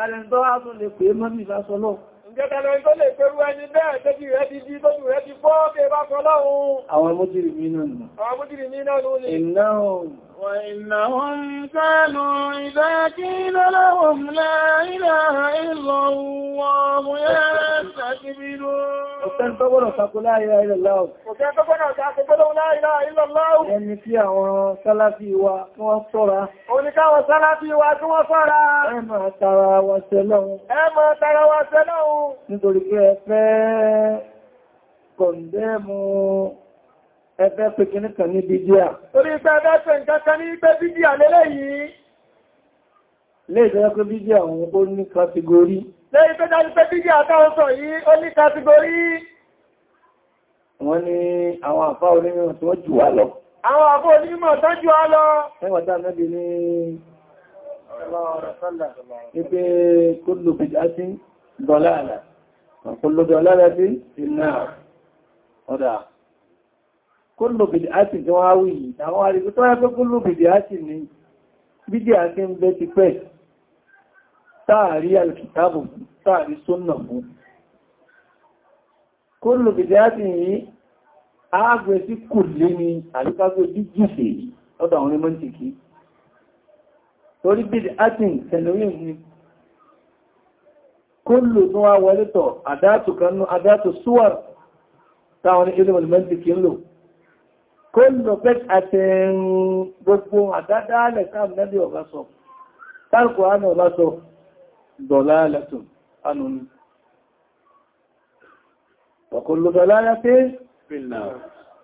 Speaker 1: Ẹlẹ́ndọ́wà tó lè pè mọ́ bí ìfàṣọ́lọ́. Ìjẹ́tẹ̀lẹ́ tó lè pẹ̀rú ẹni bẹ́ẹ̀ tẹ́jì rẹ̀ ti di tó jù rẹ̀ ti fọ́ bẹ́ẹ̀ bá sọ́lọ́run. Àwọn وإنهم كانوا إذا قيل لهم لا إله إلا الله يستكبرون Ọ̀sán tó gbọ́nà takò láìlá ìlàláwò. Ọ̀sán tó gbọ́nà takò láìlá ìlàláwò. Ẹni tí àwọn sálàfí wa tí wọ́n sọ́ra. Oníkáwọn sálàfí wa tí wọ́n sọ́ra. Ẹ máa tara wa sẹ́lọ́un. Ẹ máa tara wa sẹ́lọ́un. Nítorí pé ẹ fẹ́ ẹfẹ́ pé kìní kan ní bídíà. Torí pé ẹfẹ́ pé nǹkan kan ní pé bídíà lélẹ̀ yìí. Lé ìfẹ́ pé bídíà òun ó ní kàtígórí. Lé ìfẹ́ dájú pé bídíà táwọn sọ yìí ó ní kàtígórí. Wọ́n ní àwọn àfá onímọ̀ tí wọ́n jù wá lọ. Àwọn àfá onímọ̀ tó jù wá lọ. Ẹwà tá nẹ́bì ní Ipe kullu bid'atin dalala. Kullu dalala sí ìnáà. Ọ̀dà kúlù bìdì áti tí wọ́n wí yìí àwọn àrígbé tó yẹ pé kúlù bìdì áti ní bídí àti ń bẹ́ ti pẹ́ táàrí alkitabu táàrí súnnà mú kúlù bìdì yìí ààgbẹ̀ sí kùlé ni àríkágbé jíjìṣẹ́ ọdọ̀ àwọn onímọ̀ntìkì torí bìdì áti tẹ̀lóyìn ni kúlù tó wá wọlé tọ̀ àdátù kanú àdátù súwà táwọn ilé mọ̀lẹ́mọ̀ntìkì ń kó lọ pẹ́ àtẹ̀rùn gbogbo àdádálẹ̀ káàmù nẹ́bí ọ̀gá sọ tàrkù ánà ọ̀gá sọ dọ̀lá alẹ́tùn ánù ní ọkùnlù dọ̀lá alẹ́tẹ́ fìlà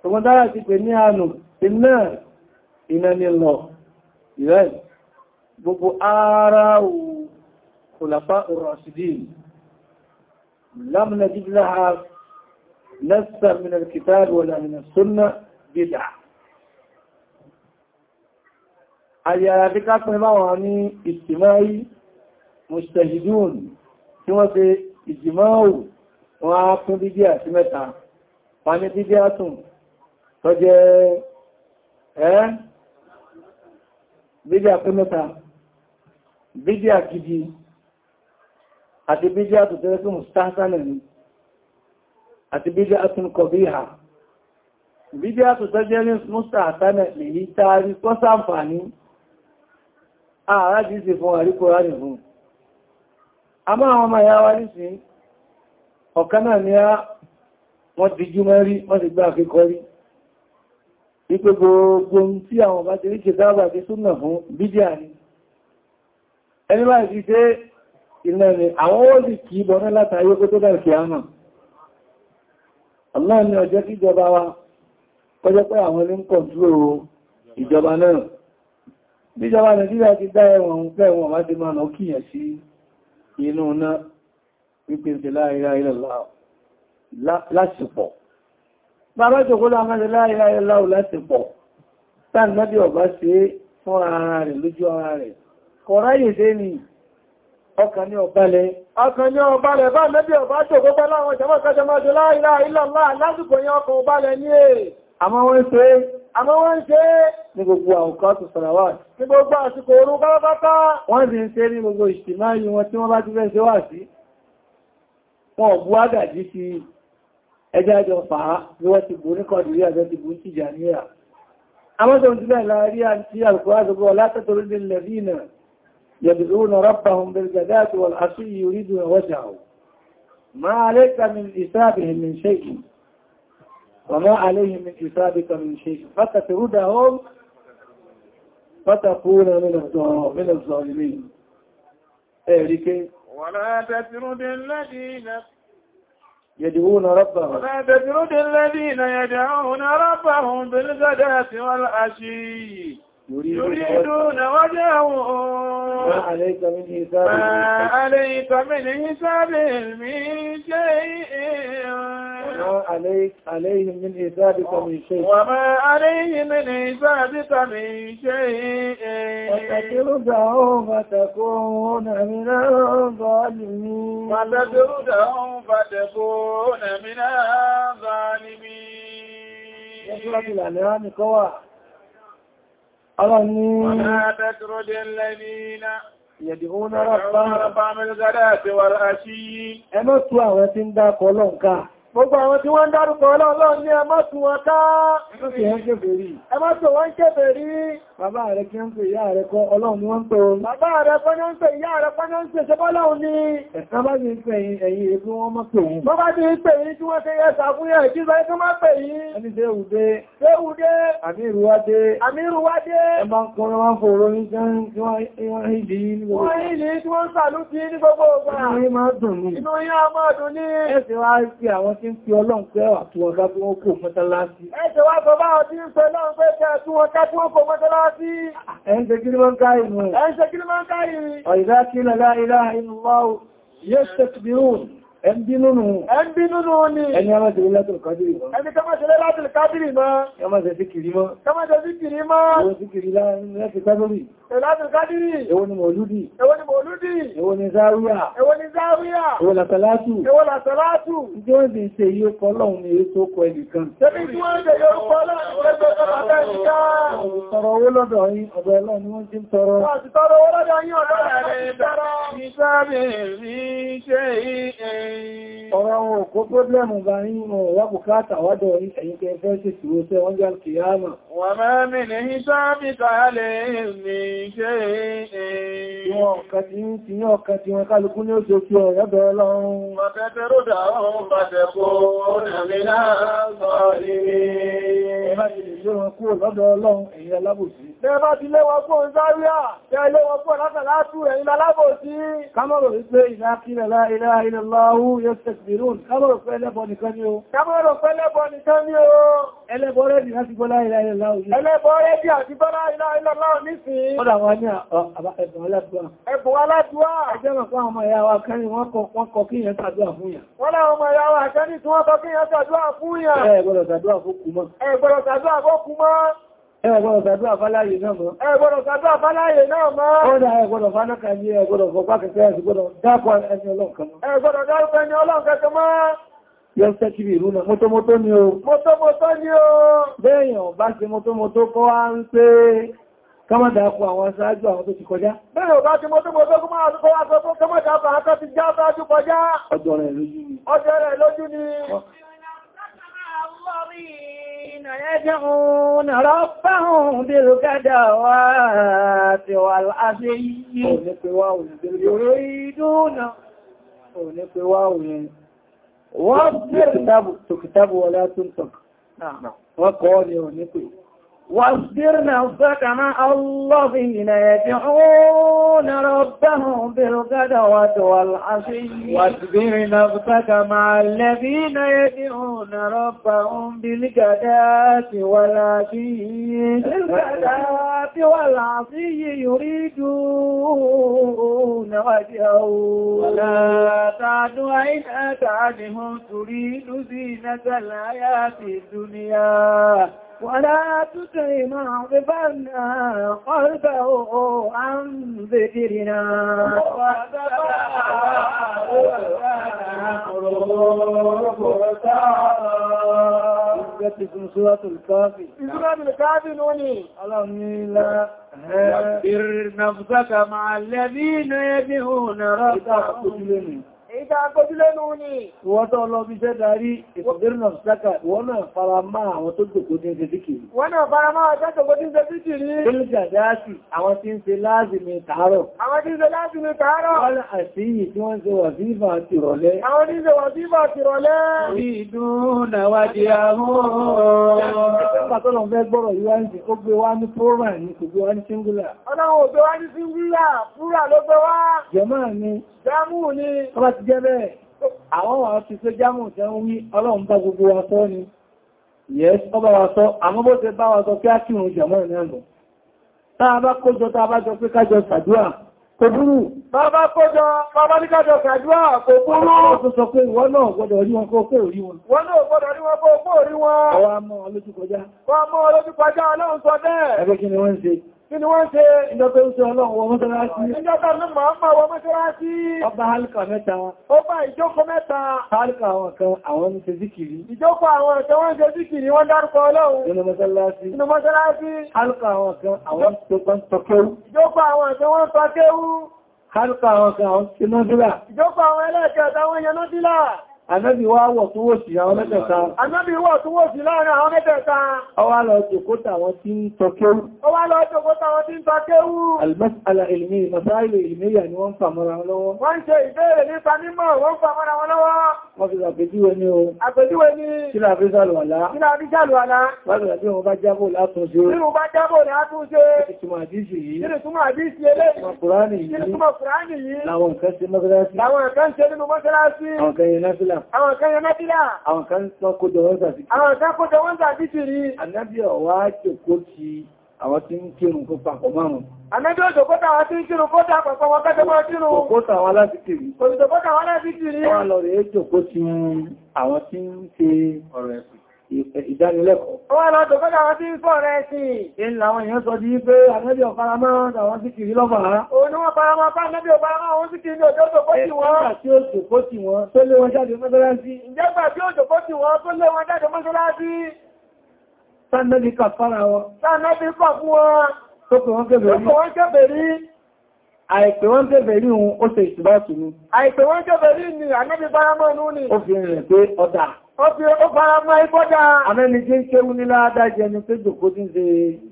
Speaker 1: ọmọdára ti pè ní ánù iná iná ní lọ ìrẹ́ gbogbo ara kùlàfà rọ̀ṣìdìn lámùnà jíjìlá ha nẹ́sà mìnà kìtàbí wọ̀lá mìnà súnnà bídà àyàrà bí kápẹ́ láwọn ní ìtìmáyí mustahidun tí wọ́n ṣe ìjìmáwò wọ́n á kún bídí àti mẹ́ta wọ́n ní bídí àtùn tó jẹ́ ẹ́ bídí àpé mẹ́ta bídí àgidi àti bídí àtùn tẹ́lẹ́kùn mustahsanin àti bídí àtùn kọ̀bíhà bídíà tó tọ́jẹ́ ní mọ́sá àtánẹ̀ lèyí tààrí tó sàǹfàní ààrá jí sí fún àríkòrá nì fún a máa wọn máa yáwá ní sí ọ̀kan náà ní á wọ́n ti jú mẹ́rí wọ́n ti gbá àkíkọ́ rí wípé gbogbo tí àwọn bá ti ríkè dábà ti súnà fún bídíà ni ẹni ti ṣe ilẹ̀ ni àwọn ó sì kìí bọ̀ ní látàrí ó tó bẹ̀rẹ̀ kìí àmà Allah ni ọjọ́ kíjọba wa ó jẹ́ pé àwọn ní ń kọ̀ntúrò ìjọba náà bíjọba nàìjíríà ti dá ẹ̀wọ̀n ń pẹ́ wọn láti máa lọ kíyàn sí inú náà wípé ń tẹ̀lá ìrà ilẹ̀ lásìpọ̀ bàbá jòkó láàmàdé láìra ẹláwò láti pọ̀ tàn náàbí ọ̀bá ṣe fún ara rẹ̀ lójú ara rẹ̀ kọ̀rá yìí ni ọkàn ní ọ̀bálẹ̀ ọkàn ní ọ̀bálẹ̀ bá náàbí ọ̀bá jòkó pẹ́ láwọn jẹ́mọ́ àmọ́ wọ́n ṣe àmọ́ wọ́n ṣe ní gbogbo àwùkọ́ tó sọ̀rọ̀wà ní gbogbo àsìkò orú pátápátá wọ́n sì ń ṣe ní gbogbo ìṣìmá yìí wọn tí wọ́n bá ti fẹ́ ṣe wà sí wọn ò bú àgàjí sí ẹjẹ́ àjọ fàá bí wọ́n ti bú ní kọ̀dìrí ti bú tìjà níyà àmọ́ tó ń tilẹ̀ láàrí àti alkùnrin látàtòrí nílẹ̀ nínà يدعون ربهم بالغداة والعشي يريدون وجهه ما عليك من إسابهم من شيء وما عليهم من إصابك من شيء فتطردهم فتكون من الظالمين ذلك ولا تطرد الَّذِينَ يدعون رَبَّهُمْ ولا تطرد الذين يدعون ربهم بالغداة والعشي يريدون وجهه ما عليك من حسابهم ما عليك من حسابهم من شيء وما عليك عليه من حسابك من شيء وما عليه من حسابك من شيء فتتردهم فتكون من الظالمين فتتردهم فتكون من الظالمين ولا تترد الذين يدعون ربهم بالغداة والعشي أما توا وتندى قولونك Gbogbo àwọn tí wọ́n dárúkọ ọlọ́ọ̀lọ́ ní ẹmọ́tù wọn ká. Ẹmọ́tù wọn kèfèrí. Bàbá rẹ̀ kí ń pè ìyá rẹ̀ kọ́ ọlọ́run ni wọ́n ń pè ohun. Bàbá rẹ̀ kọ́ ní ń pè ìyá rẹ̀ kọ́ ní ń pè ṣẹ́bọ́lọ́run ni. Ẹ̀sán bá ti ń pè ẹ̀yìn èkú wọ́n mọ́ pè ohun. Bọ́bá ti ń pè yí tí wọ́n ṣe yẹ sàfúnyà ìkíza ẹ̀kọ́ má pè yí. Ẹni ṣe òde. Ṣé òde. Àmírùwádé. Àmírùwádé. Ẹ máa mọ́sálásí. Ẹn ṣe kí ní mọ́ ń ká ìrìn. Ẹn ṣe kí ní mọ́ ń ká ìrìn. Ọ̀ìdá kí lọ́lá ilá inú lọ́wọ́ yóò ṣe kìbìrún. Ẹn bínú nù. ni. Ẹni a máa ṣe lẹ́látùl kádìrì mọ́. Ẹni ká máa ṣe lẹ́látùl kádìrì mọ́. Ká máa ṣe síkìrí mọ́. Ká máa ṣe síkìrí mọ́. Ìlàtùn kádìrí. Èwo ni mòlúdì? Èwo ni mòlúdì? Èwo ni záríà? Èwo ni záríà? Èwo làtàlátù? Èwo làtàlátù? Ìjọ́ wọ́n ti ṣe yóò kọ́ lọ́hun ní èso kọ ẹnìkan. Ṣébí tí wọ́n ṣe yóò kọ́ lọ́hun ní èso kọ́ bàbá ẹnìkan? Tọrọ owó lọ́dọ̀ yín, ọ̀dọ̀ Ọlọ́run ni wọ́n ti ń tọrọ. Tọrọ owó lọ́dọ̀ yín, ọ̀dọ̀ Ọlọ́run ni tọrọ. Ọ̀rọ̀ wọn kó pọ́blẹ́mù bá yín mọ̀ wá bùkátà wádọ̀ yín ẹ̀yìn kẹfẹ́ sí ìṣòro tẹ́ wọ́n jẹ́ kìí ámà. Wà mẹ́rin ní ìṣọ́ bí kàálẹ̀ ní شيء وقتين سيوكة وقالكم يوسف يا بلون وتتردعهم فتكون من الظالمين Ẹbá ti léwọ́ fún Záríà, tẹ́ léwọ́ fún látàlátù ẹ̀yìn alábòsí. Kámọ́rò wípé ìdákílẹ̀ láìlá ilẹ̀ láàú yóò tẹ̀sìrún. Kámọ́rò pẹ́lẹ́bọ̀ nìkan ni ó. Kámọ́rò pẹ́lẹ́bọ̀ nìkan ni ó ẹlẹ́bọ̀rẹ́dì àti bọ́lá ìlàìlàláwò nísìn. Ọdá wa ní ẹ̀bùn aládùá. Ẹ̀bùn aládùá. Ẹjẹ́ mọ̀ fún àwọn ẹ̀yà wa kẹrin wọ́n kọ kí ìyẹn tàdúà fún yà. Wọ́n láwọn ọmọ ẹ̀yà wa kẹrin tí wọ́n kọ kí ìyẹn tàdúà fún yà. Ẹ gbọ́dọ̀ tàdúà fókù mọ́. Ẹ gbọ́dọ̀ tàdúà fókù mọ́. Ẹ gbọ́dọ̀ tàdúà fáláyè náà mọ́. Ẹ gbọ́dọ̀ tàdúà fáláyè náà mọ́. Ọdá ẹ gbọ́dọ̀ fánákà yọ sẹ́kìrì ìlú náà mọ́tọ́mọ́tọ́ ni o mọ́tọ́mọ́tọ́ ni o bẹ́ẹ̀yàn bá ṣe mọ́tọ́mọ́tọ́ kọ́ á ń pé kọmọ̀dàkù àwọn aṣáájú àwọn tó ti kọjá bẹ́ẹ̀yàn bá ṣe mọ́tọ́mọ́tọ́ kọ́ máa sọ́kọ́ aṣọ́kọ́ kọmọ̀dàkù àtọ́ ti já aṣáájú kọjá ọjọ́ rẹ̀ lójú ni ọjọ́ rẹ̀ lójú ni يدعون ربهم بالغدوات والعشي
Speaker 2: wọ́n bẹ̀rẹ̀
Speaker 1: tàbí tòkítàbí wọlé àtúntàn wọ́n kọ́ ni ní òní pè واصبر نفسك مع الذين يدعون ربهم بالغدوة والعشي واصبر نفسك مع الذين يدعون ربهم بالغداة والعشي بالغداة والعشي يريدون وجهه ولا تعد عينك عنهم تريد زينة الحياة الدنيا ولا تطع ما غفلنا قلبه عن ذكرنا من سورة الكافي من سورة الكافي نوني الحمد واكبر نفسك مع الذين يدعون ربك ìdá agbójúlẹ́nu ni ìwọ́n tó lọ bí jẹ́ darí ìfòbírìnà sáka wọ́n náà fara máa àwọn tó jòkó ní ẹgbẹ̀ síkìrí wọ́n náà fara máa àwọn tó jòkó ní ẹgbẹ̀ síkìrí bílgà dáàsì àwọn tí ń ṣe láàzìmì tàárọ̀ àwọn tí ń ṣe láàzìmì nígbà tó lọ́n fẹ́ gbọ́rọ̀ yíwá ń ṣe ó gbé wá ní plural ní kò gbé wá ní singular. ọlọ́run ò gbé wá ní singular plural ló gbé wá. jẹ́mọ́ ni jámù ni ọba ti jẹ́ bẹ́ẹ̀ àwọn wà ti pé jámù yes ọba wa sọ àmọ́ bó ti bá wa sọ kí á kírun jẹ̀mọ́ ìrìn àgbọ̀n tá a bá kójọ tá a jọ pé kájọ ṣàdúrà kò burú. Bàbá kójọ, bàbá ní kájọ kàdúrà kò Ó sọ pé ìwọ náà gbọ́dọ̀ rí wọn kó pé orí wọn. Wọ́n náà gbọ́dọ̀ rí wọn kó pé orí wọn. Ọwọ́ mọ́ kọjá. kọjá, sọ Kí ni wọ́n ṣe ìjọba oúnjẹ ọlọ́run wọ mọ́sánásí? Ìjọba ní máa máa wọ mọ́sánásí. Ọba halka mẹ́ta. Ọba ìjókòó mẹ́ta. Halka àwọn kan àwọn ṣe zíkìrí. Ìjókòó àwọn kan wọ́n ṣe zíkìrí wọ́n dárúkọ ọlọ́run. Inú àwọn kan Anábì wá wọ̀ tó wòsì àwọn mẹ́tẹ̀ta. Anábì wọ̀ tó wòsì láàrin àwọn mẹ́tẹ̀ta. Ó wá lọ jòkótà wọn tí ń tọ kéwú. Ó wá lọ jòkótà wọn tí ń tọ kéwú. Al-mas'ala ilmiya, masáìlì ilmiya ni wọ́n fà mọ́ra wọn lọ́wọ́. Wọ́n ń ṣe ìbéèrè nípa mímọ̀, wọ́n fi àpèjúwe ní o. Àpèjúwe ní kílà àfíṣàlù àlá. Kílà àfíṣàlù àlá. Wọ́n fi àpéwọn bá jábò látúnṣe. Nínú bá jábò látúnṣe. Ìtumọ̀ àdíṣì yìí. Nínú túnmọ̀ àdíṣì eléyìí. Ìtumọ̀ Kùránì yìí. Nínú túnmọ̀ Kùránì yìí. Láwọn nǹkan ṣe mọ́sálásí. Láwọn àwọn tí ń kírun kó papọ̀ márùn-ún. Ànábí òjòkótà wá tí ń kírun kó dá pẹ̀pọ̀ wọn kẹ́jọ mọ́ kírun. Òkótà wá láti kiri. Òjòkótà wá láti kiri. Wọ́n lọ rẹ̀ jòkó ti àwọn tí ń ṣe ọ̀rọ̀ ẹ̀sìn ìdánilẹ́kọ̀ọ́. Wọ́n lọ jòkótà wá tí ń sọ ọ̀rọ̀ ẹ̀sìn. Ìlà àwọn èèyàn sọ di pé Ànábí ọ̀faramọ́ àwọn tí kiri lọ́fàá. Òun ni wọ́n faramọ́ pa Ànábí ọ̀faramọ́ àwọn tí kiri ní òjò òjòkó ti wọ́n. Ìjẹ́gbà tí ó jòkó ti wọ́n tó lé wọn jáde mọ́sálásí. Ìjẹ́gbà tí ó jòkó ti wọ́n tó lé wọn jáde mọ́sálásí. Tánàbí kà fara wọn. Tánàbí kọ̀ fún wọn. Tó pè wọ́n kèbèrí. Àìpè wọ́n kèbèrí òun ó ṣe ìtìbátù ni. Àìpè wọ́n kèbèrí ni, ànábí báramọ́ ní ó ní. Ó fi rìn pé ọ̀dà ó fara mọ́ ìbọ́dá. Àmẹ́ni tí ń ṣéwú ní ládájẹ́ ni tó jòkó tí ń ṣe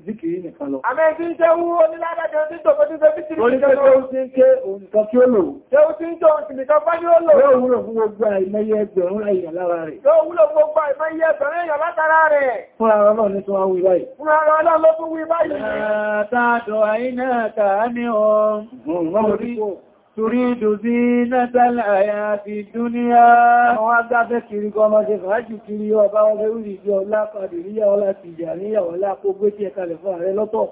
Speaker 1: zíkìrí nìkan lọ. Àmẹ́ni tí ń ṣéwú ní ládájẹ́ ni tó jòkó tí ń ṣe zíkìrí nìkan lọ. Orí pé tó ń ṣe òǹkan kí ó lò. Ṣé ó ti ń jọ òǹsìn nìkan bá ní ó lò? Yóò wúlò fún gbogbo àìmẹ́yẹ ẹgbẹ̀rún èèyàn lára rẹ̀. Yóò wúlò fún gbogbo àìmẹ́yẹ ẹgbẹ̀rún èèyàn látara rẹ̀. Fúnra ọlọ́run ní tó wá wí báyìí. Fúnra ọlọ́run ló tún wí báyìí. Àtàdọ̀ àìnáà kàá ní ọ Turidu zinatal hayati dunya. Àwọn agbáfẹ́ kiri kọ ọmọ ṣe fàájì kiri ọba ọgbẹ́ orílẹ̀-èdè ọlá kàdìríyà ọlá tìjà níyà ọlá kó gbé tí ẹkalẹ̀ fún ààrẹ lọ́tọ̀.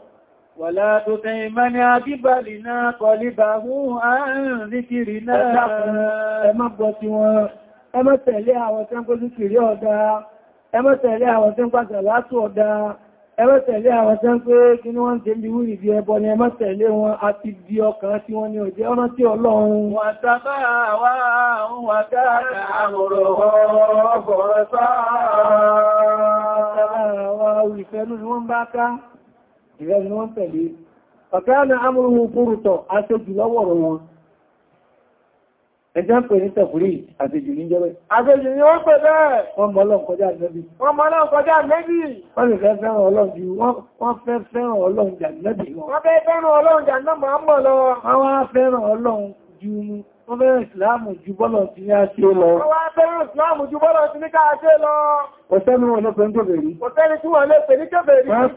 Speaker 1: Wàlá tó tẹ ìmá ní àbíbàlì náà kọlíbà hún àárín níkiri náà. Ẹ má gbọ́ tí wọ́n, ẹ má tẹ̀lé àwọn tí wọ́n kó ẹmọ́ tẹ̀lé àwọn tẹ́ ń pé kí ní wọ́n tẹ́ líwú ìdí ẹbọ ni ẹmọ́ tẹ̀lé wọn a ti ọkàn tí wọ́n ní òjẹ́ ọ̀nà tí ọlọ́run wọ́n sábà wá àwọn àdáàdà àmọ̀rọ̀ ọgbọ̀rọ̀ sáà ẹjá pè ní tẹ̀kùrí àtẹjù ní jẹ́wẹ́. àtẹjù ni wọ́n pè bẹ́ẹ̀. wọ́n mọ ọlọ́run kọjá nẹ́bí. wọ́n mọ ọlọ́run kọjá nẹ́bí. wọ́n lè fẹ́ fẹ́ràn ọlọ́run ju wọ́n fẹ́ fẹ́ràn ọlọ́run jà nẹ́bí lọ. wọ́n fẹ́ fẹ́ràn ọlọ́run jà nẹ́bí lọ. wọ́n wá fẹ́ràn ọlọ́run ju wọ́n fẹ́ràn ìsìláàmù ju bọ́lọ̀ tí ní a ṣe lọ. wọ́n wá fẹ́ràn ìsìláàmù ju bọ́lọ̀ tí ní ká ṣe lọ. Ọ̀sẹ́ni wọn lọ́pẹ́ ń kèbèrè. Ọ̀sẹ́ni tí wọ́n lọ́pẹ́ ní kèbèrè. Wọ́n pè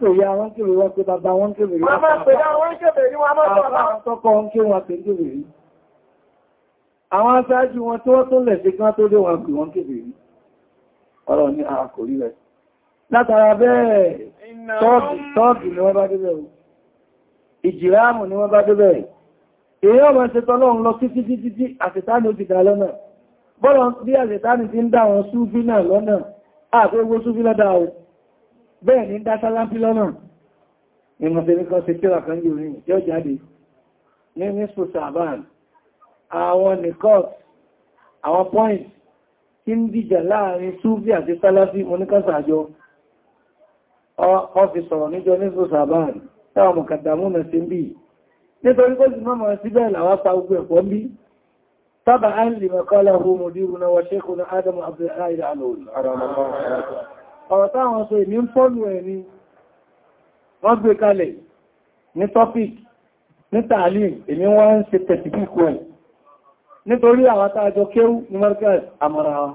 Speaker 1: pè àwọn aṣáájú wọn tí wọ́n tó lẹ̀ sí kán tó dé wọn pè wọ́n kèbè rí ọ̀rọ̀ ní a kò rí rẹ̀ látara bẹ́ẹ̀ tọ́ọ̀gì ni wọ́n bá débẹ̀ ìjìráàmù ni wọ́n bá débẹ̀ èyí ọmọ ṣe tọ́lọ́run lọ títí títí tí àṣetáni ó ti dá lọ́nà bọ́lọ̀ bí àṣetáni ti ń dá wọn súfí náà lọ́nà àti ogbó súfí lọ́dá o bẹ́ẹ̀ ni ń dá sálámpí lọ́nà ìmọ̀sẹ̀ nìkan ṣe kíra kan yìí rí jẹ́ jáde ní ní sùsàbáàlì àwọn nìkọ́t àwọn point tí ń dìjà láàrin Súfí àti Sálàfí oníkàsàjọ ọ́fíìsọ̀rọ̀ níjọ ní sọ́sàbáàrì táwọn mọ̀kàdàmú na sí bí nítorí kó sì mọ́mọ̀ síbẹ̀ làwá pa ogun ni wọ́n ní tààlì èmi wọ́n ń ṣe tẹ̀sìkíkù ẹ̀ nítorí àwọn tààjọ kéwú ní markaz àmàràwà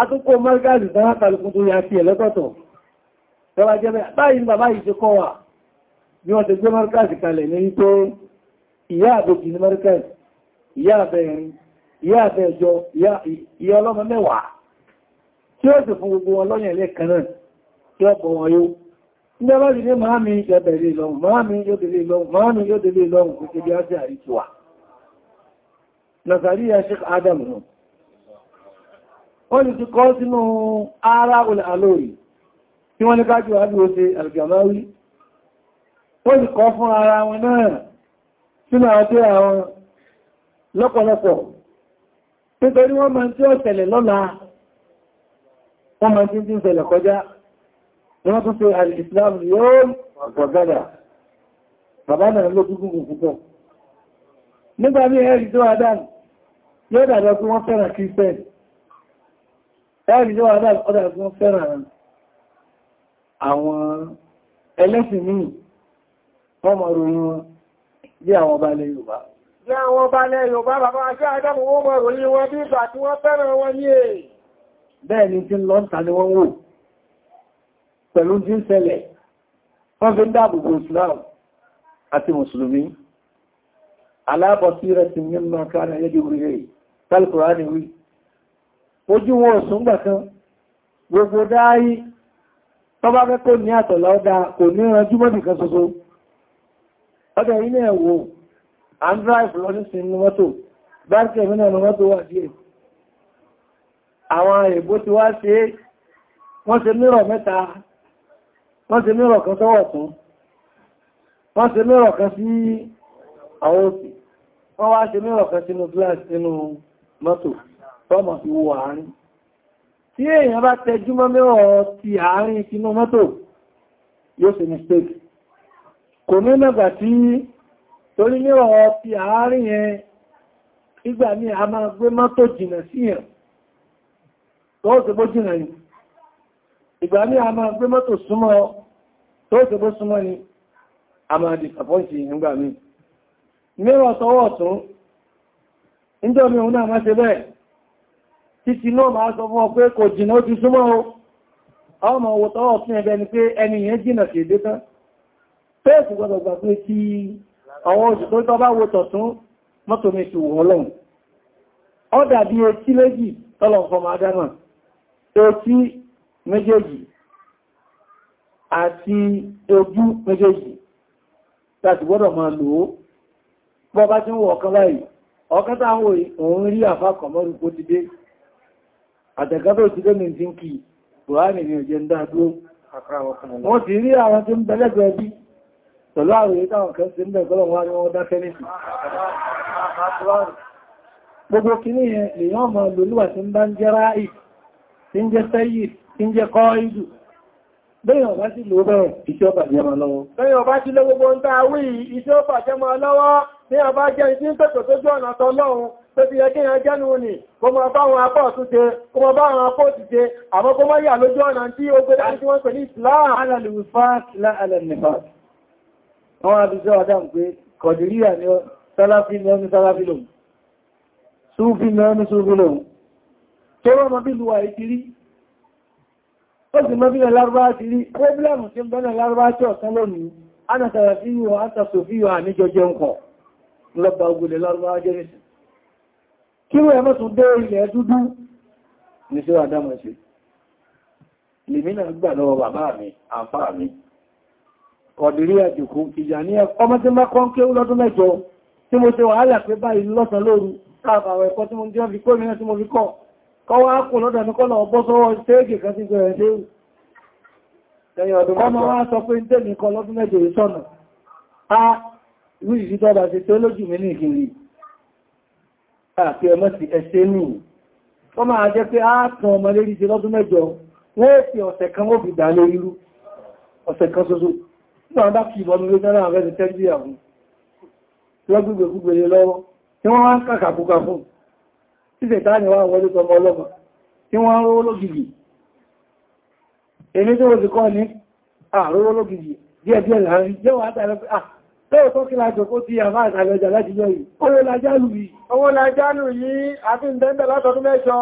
Speaker 1: àtúkò markaz ìdára kàlùkù tó yà sí ẹ̀lẹ́kọ̀tọ̀ tọ́wà jẹ́ báyìí ní bàbá ìṣẹ́ kọ́ wà ní wọ́n ti gbé markaz kalẹ̀ ní tó ìyá àbòjì ní markaz ìyá àbẹ̀rin ìyá àbẹ̀ẹ̀jọ ìyá ọlọ́mọ mẹ́wàá tí ó sì fún gbogbo wọn lọ́yìn ilé kan náà tí ó bọ̀ wọn yóò ní ọlọ́rin ní máàmì yóò délé lọ́hùn máàmì yóò délé lọ́hùn máàmì yóò délé lọ́hùn kò sí bí á jẹ́ àríkíwà nàzàríyà Sheikh Adam nù wọ́n ti kọ́ sínú ara olè alóòrì tí wọ́n ní kájú àbí ó ṣe algamawi wọ́n ti kọ́ fún ara wọn náà sínú àti àwọn lọ́pọ̀lọpọ̀ nítorí wọ́n máa tí ó ṣẹlẹ̀ lọ́la wọ́n máa tí ń ṣẹlẹ̀ kọjá wọ́n tún ṣe al yóò gbọ̀gádà bàbá náà ló gúgùn nígbà ní ẹ̀rí tó adánù yóò dàbẹ́ kí wọ́n fẹ́ràn kírísẹ́n ẹ̀rì yóò wà dàbẹ́ kí wọ́n fẹ́ràn àwọn ẹlẹ́sìn míì wọ́n mọ̀ ròyìn wọn bí àwọn ọba ilẹ̀ Yorùbá bí àwọn ọba ilẹ̀ Yorùbá bàbá aṣẹ́ àdámù wọ́n mọ̀ ròyìn wọn bí ìgbà tí wọ́n fẹ́ràn wọn ní èyí bẹ́ẹ̀ ni tí lọ́ntà ni wọ́n wò pẹ̀lú tí ń ṣẹlẹ̀ wọ́n fi ń dáàbòbò Islam àti Mùsùlùmí alábọ̀sí rẹ̀ tálùkùránì wí ojú wọn ọ̀sùngbà kan gbogbo dááyí tọ́bá kẹ́kọ́ ní àtọ̀lá ọdá kò ní ọjú mọ́bì kan ṣoṣo ọdọ̀ ilé ẹ̀wò andrive lọ́dísìn ní mọ́tò báńkì ẹ̀mínà ní mọ́tò wà díẹ̀ àwọn èbó ti wá ṣe wọ́n ṣe mírọ̀ mẹ́ta wọ́n ṣe mírọ̀ kan mọ́tò tọ́mọ̀ fi àárín tí èèyàn bá tẹjúmọ́ mẹ́wọ̀ ti àárín tinú mọ́tò yóò ṣe mistake kò ní mẹ́gbà tí torí ti àárín yẹn ìgbà ní a máa gbé mọ́tò jìnà sí yẹn tó jìnà ni ìgbà ní gbé mọ́tò súnmọ́ tó súnmọ́ ni a máa nígbà míì ọ̀tún ìjọmi òun náà máa ṣe bẹ́ẹ̀ títí náà máa sọ fún ọ pé kò jìnà ó ti súnmọ́ o ọmọ owó tọ́wọ́ fún ẹgbẹ́ ni pé ẹni yẹn jìnà sí èdè tán pẹ́ẹ̀kù gbọdọ̀ gbà pé tí àwọn oṣù tó tọ́ bá wo tọ̀tún mọ́tò mi ti wọ́n lọ́hùn ọ dàbí etí méjì tọ́lọ̀ fọmọ adámà etí méjèèjì àti ojú méjèèjì láti gbọdọ̀ máa lò ó bọ́ bá ti ń wọ̀ ọ̀kan báyìí ọkàn táwọn òun rí àfá kọ̀mọ́rùkú ti dé àtẹ̀kátò ti dẹ́mì tí ń kí buhari ni òjẹ́ ń dáadúró wọ́n ti rí àwọn tí ń bẹ̀lẹ́gbẹ̀ẹ́ bí pẹ̀lú àwọn èyí táwọn kan sí ń bẹ̀ẹ̀kọ́lọ̀ wọ́n wọ́n dákẹ́ nìsì gbogbo kìíní yẹn lèyàn ọmọ lòlúwà tí ń bá ń jẹ́ ráì tí ń jẹ́ sẹ́yì tí ń jẹ́ kọ́ ìdù bẹ́yàn ọba sí lò ní àbá jẹ́ ìdí ń pẹ̀tọ̀ tó jọ ọ̀nà tọ́lọ́run tó ti yẹ kí ìyàn jẹ́nu ni kó máa bá wọn apọ́ ọ̀tún jẹ kó máa bá wọn apọ́ ọ̀tún jẹ àmọ́ kó máa yà lójú ọ̀nà tí ó gbé dájú wọ́n pè ní Islam alàlùfáàt láàlẹ́nìfàt àwọn abìsọ́ ọ̀dáhùn pé kọ̀dìríyà ni sálàfí ni ọ́nà sálàfí lòun súnfí ni ọ́nà súnfí lòun tó rọ́ mọ́ bí lùwà ìtìrí ó sì mọ́ bí lẹ lárúbá ti rí pọ́blẹ́mù tí ń lọ́gbà ogolè lọ́rọ̀lọ́wọ́ jẹ́ nìsìn kí wọ́n ẹmọ́ tún dé ilẹ̀ dúdú ní sí wà dámọ̀ sí lèmínà gbà lọ́wọ́ bàbá mi àfá mi kọ̀dìrí àjòkó ìjà ní ọmọ tí má kọ́n kéwú lọ́dún mẹ́jọ tí mo ṣe wàhálà pé báyìí lọ́sàn lóru káàbàwẹ̀ ẹ̀kọ́ tí mo jẹ́ fi kó mìíràn tí mo fi kọ́ kọ́ wá kò lọ́dọ̀ ní kọ́lọ̀ ọbọ́ sọ́wọ́ ṣéèkì kan sí gbẹ̀rẹ̀ ṣéwù ọmọ wá sọ pé ń tẹ́lì kan lọ́dún mẹ́jọ ìsọ̀nà irú ìrí tọ́bà ṣe tó lójú mi ní ìkìlì àti ẹmọ́ sí ẹ̀ṣẹ́ ní wọ́n máa jẹ́ pé áàtàn ọmọ lérí ti lọ́dún mẹ́jọ wọ́n fi ọ̀sẹ̀ kan ó fi dà lórí rú ọ̀sẹ̀ kan ṣoṣo náà bá kí ìbọn lórí náà rẹ̀ tẹ́jú àwọn lọ́gbùgbè gbùgbèrè lọ́wọ́ tí wọ́n wá ń kàkàkùkà fún títẹ̀ táàní wá wọlé tọmọ tààrẹ pé ah Bẹ́ẹ̀ tó kí lájọ kó ti àmá àtàlẹ́jà láti jọ yìí. Owó lajálù yìí. Owó lajálù yìí, àti ìdẹ́ndẹ̀ látọdún mẹ́jọ.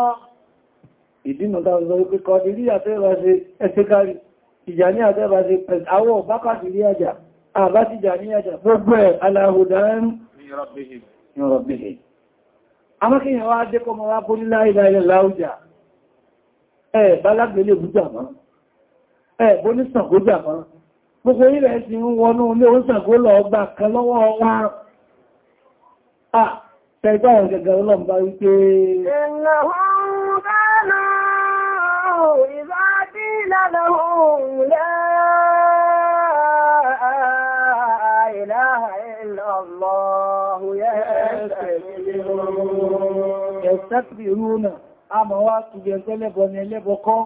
Speaker 1: Ìdínà táwọn sọ wípé kọ́ ìrí àtẹ́bàṣe ẹ̀ṣẹ́kárì, ìjà ní àtẹ́bàṣe pẹ̀lú àwọ̀ bákàtì rí àjà, àbá ti jà ní àjà, gbogbo ẹ̀ aláhùdáẹ́m ìrọ̀bìhì. Amákíyàn wá dé kọmọ wá bó nílá ìlà ilẹ̀ láújà. Ẹ̀ bá lágbèlé bújà mọ́. Ẹ̀ bó ní sàn gbogbo ilẹ̀ ti ń wọnú onye oúnṣàgbó lọ ọgbà kan lọ́wọ́ wá à ọ̀gẹ̀gẹ̀ wípé a mọ̀ wá tùgbẹ̀ ẹgbẹ́lẹ́bọ̀ ni ẹlẹ́bọ̀ kọ́.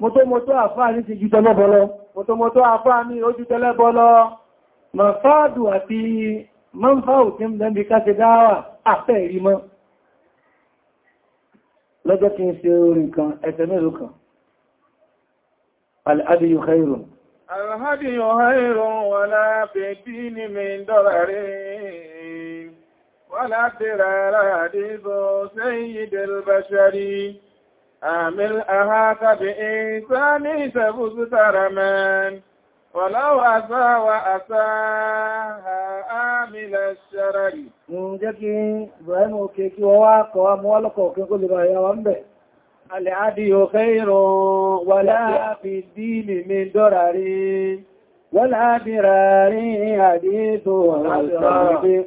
Speaker 1: mọ́tọ́mọ́tọ́ àfáà ní ti jùtẹ́lẹ́bọ́lọ́ mọ́tọ́mọ́tọ́ àfáà ní ó jùtẹ́lẹ́bọ́lọ́ mọ̀fáàdù àti mọ́fáàù tí mẹ́bí káṣẹ dáwà àfẹ́ ìrímọ́ lọ́jọ́ kí n ṣe orin kan ẹsẹ̀ mẹ́rù kan al'adìyù khairun al'adìyù khairun wala fèdí ni mi أعمل أهاك بإنسان سبز ترمان ولو أسى وأساها عامل الشرعي ǹjẹ́ kí Ibrahim òkè kí wọ́n wá kọ́ mú ọlọ́kọ̀ òkè kó lè bá ìyá wọn bẹ̀. Al-'adyu khayrun wala fi dini min wala dirari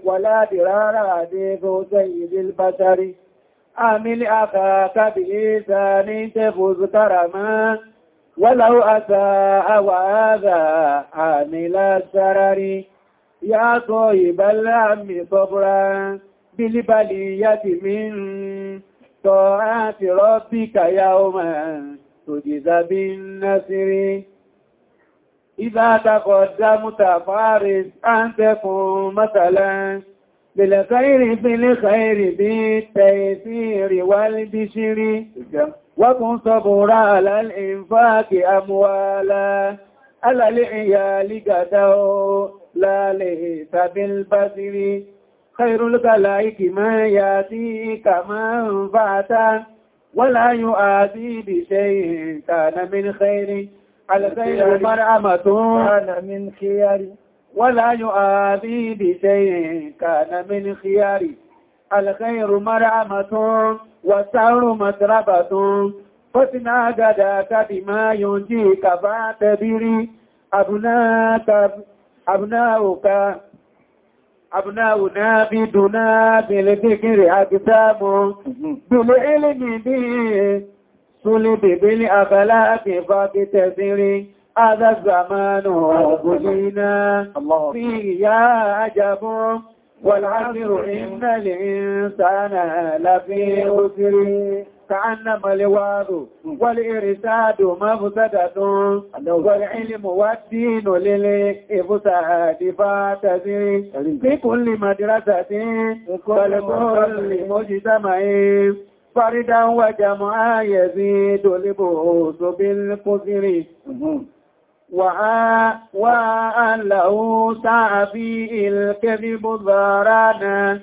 Speaker 1: wala dirara hadithu sayyidil bashari. أمل أخاك بإنسان تفوز كرما ولو أساء وآذى عامل السرر يا طيب الأم صبرا بالبلية من طاعة ربك يوما تجزى بالنسر إذا تقدمت فارس أن تكون مثلا بالخير بالخير بالتيسير والبشر وكن صبورا على الإنفاق أموالا على العيال قدو لا ليس بالبصر خير الخلائق ما يأتيك منفعة ولا يؤذي بشيء كان من خير المرأة مرعمة كان من خيار ولا يؤذي بشيء كان من خياري الخير مرعمة والسهر متربة فتنا قداك بما ينجيك فاعتبري أبناك أبناؤك أبناؤنا بدنا بالذكر أكتاب بالعلم به سلب بالأخلاق فاكتسري هذا الزمان بلينا فيه يا عجب والعصر إن الإنسان لفي خسر كأنما الوعد والإرساد مفسدة والعلم والدين للإفساد فاعتذر لكل مدرسة ولكل مجتمع فردا وجمعا يزيد البؤوس بالكثير وأنه سعى في الكذب ظهرانا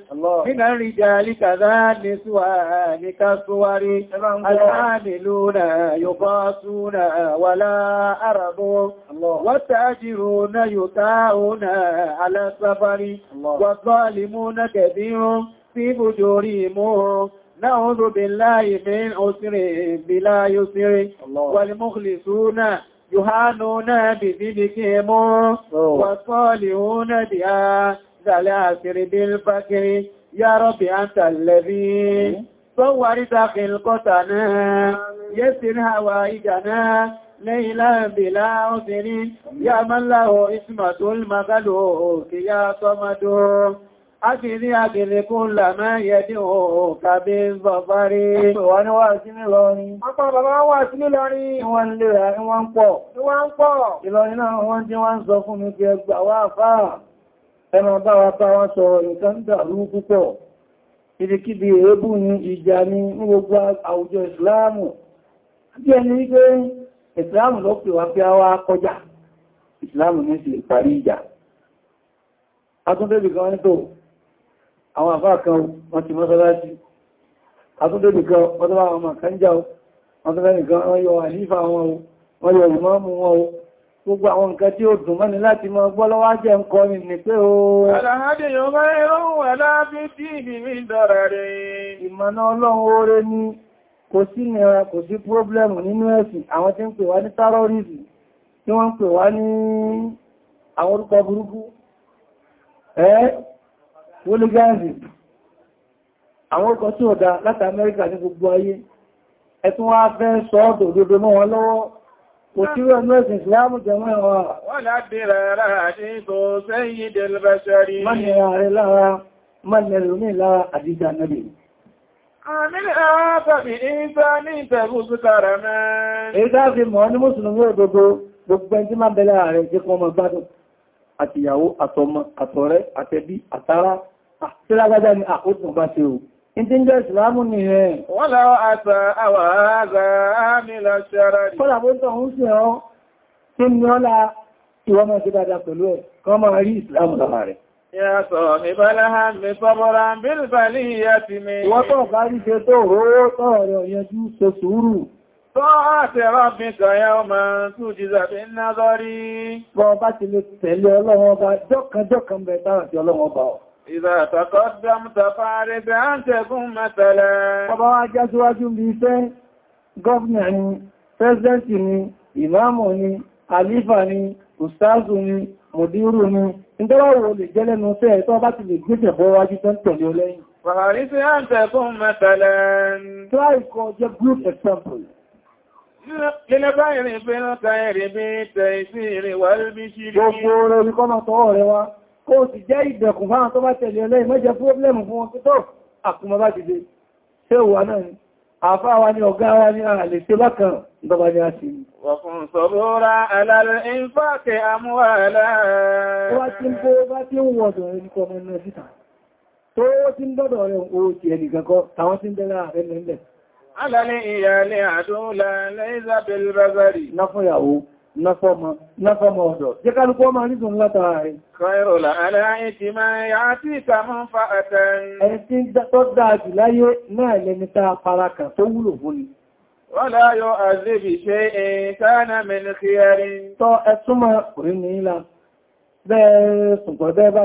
Speaker 1: من الرجال كذا نسوان كالصور العاملون يقاسون ولا أرض والتاجرون يطاعون على السفر والظالمون كثير في فجورهم نعوذ بالله من عسر بلا يسر والمخلصون يهانون بذبكهم وصالحون بها ذلاسر بالفكر يا رب أنت الذي صورت خلقتنا يسر هوائجنا ليلا بلا عسر يا من له اسمة المغلوك يا صمد Àti ní àgèrè kó làmá yẹ̀dí òòkà bí zọ̀fárí. Wọ́n ni wà sí ní lọ́rin. Ọpá bàbá wà sí ní lọ́rin. Wọ́n lè rà pọ̀. pọ̀. Ìlọrin náà wọ́n jí wọ́n sọ fún mi bí ẹgbà wà fáà. bá wa bá sọ nǹkan dàrú púpọ̀. Ìdíkíbi èébù ni ìjà ni ní gbogbo àwùjọ Ìsìláàmù. Bí ẹni wípé Ìsìláàmù ló pè wá a wá kọjá. Ìsìláàmù àwọn àfáà kan wọ́n ti mọ́sálásí àtúndò nìkan wọ́n tó bá wọn màkà ń já o wọ́n tó bẹ́ẹ̀ nìkan wọ́n yọ àlífà wọn o wọ́n yọ ìmọ́mù wọn o gbogbo àwọn nǹkan tí ó dùn mọ́ni láti mọ́ gbọ́ lọ́wọ́ jẹ́ ń kọ́ ni ní pé o aláhádé yóò máa ẹ̀rọ wà láàbí tí ìbí mi dára rẹ̀ ìmọ̀nà ọlọ́run oore ni kò sí nira kò sí pírọ́blẹ́mù nínú ẹ̀sìn àwọn tí ń pè wá ní tárọ́rìsì tí wọ́n ń pè wá ní àwọn orúkọ burúkú ẹ́ wólúgáàzì àwọn ọkọ̀ tí ó dá láti amẹ́ríkà ní gbogbo ayé ẹ̀tún wá fẹ́ sọ ọ́dọ̀ òdodo mọ́ wọn lọ́wọ́ kò tí rẹ̀ mẹ́sìn ìsìláàmù jẹmọ́ ẹ̀wọ̀n wọ́n lábẹ́rẹ̀ ara àti ìbò sẹ́yìn dẹ̀lẹ́bẹ̀ṣẹ́rí mọ́ni ààrẹ lára mọ́ni ẹlòmí lára àdíjà nẹ́bì Àmìnà àbàbì ìfẹ́ ní ìtẹ̀gùn sútàrà mẹ́. àtọ̀rẹ́ àtẹbí àtàrà Ah, tí lágbàjá ni àkókò ah, bá ṣe o Ìdí jẹ́ ìsìlámù ni ẹ̀. Wọ́n lọ àtà àwà àgbà àmìlà ṣẹ́ra rí. Kọ́lá bó tọ̀ ń ṣe ọ́ tí ní ọ́lá ìwọ́n máa ṣe dáadáa pẹ̀lú ẹ̀ kọ́ máa rí ìsìlámù lára rẹ̀. Yàtọ̀ mi bá láhá mi sọ́bọ́ra bílbàlì ìyá ti mi. Wọ́n tọ̀ bá rí ṣe tó rówó tọ́ọ̀rọ̀ yẹjú ṣe sùúrù. Tọ́ àti rọ́bí kọ̀yá ọmọ tó jíza bí ń ná lọ́rí. Bọ́ bá ti lè tẹ̀lé ọlọ́wọ́ bá jọ́kan jọ́kan bẹ̀ tààtì ọlọ́wọ́ bá ọ̀. Ìdá tàkọ́dám tàfààrẹ bí á ń tẹ̀gún mẹ́tẹ̀lẹ̀. Bàbá wá já síwájú bí iṣẹ́, gọ́ọ̀nà ni, pẹ́sidẹ́ntì ni, ìmáàmù ni, àlífà ni, ustazu ni, mùdírù ni, ìdọ́wàwò lè jẹ́ lẹ́nu iṣẹ́ ẹ̀tọ́ bá ti lè gbé Wàhàrí sí á ń tẹ̀kún mẹ́tẹ̀lẹ̀. Try kọ example. Gbogbo rẹ̀ ní kọ́nà tọ́wọ́ rẹ̀ kó sì jẹ́ ìdẹ̀kùn fáwọn tó bá tẹ̀lé ọlẹ́yìn mẹ́jẹ pọ́blẹ́mù fún wọn tó àkùnmọ́ bá ti dé ṣe wà náà ni àfáà wa ni ọ̀gá wa ni a lè ṣe bákan ìjọba ni a ṣe ni wọ̀kùn sọ̀rọ̀ra alálẹ́ ìfàkẹ́ alálẹ́ ìyàlẹ́ àdúlà náfọ́mọ̀ ọ̀dọ̀. Jẹ́ kálùkọ́ máa ní tún látara rẹ̀. Kọ́ẹ̀rọ̀lá aláyé ti máa yà á tí ìsàmọ́ fa ẹ̀tẹ̀ ẹni tí tó dáa jù láyé náà lẹni tá a fara kàn tó wúlò fún ni. Wọ́n láyọ̀ àzébì ṣe èyí tánà mẹ́lẹ̀ kí ẹrin. Tọ́ ẹtúmọ̀ kòrí ní ìlà. Bẹ́ẹ̀ sùgbọ́n bẹ́ẹ̀ bá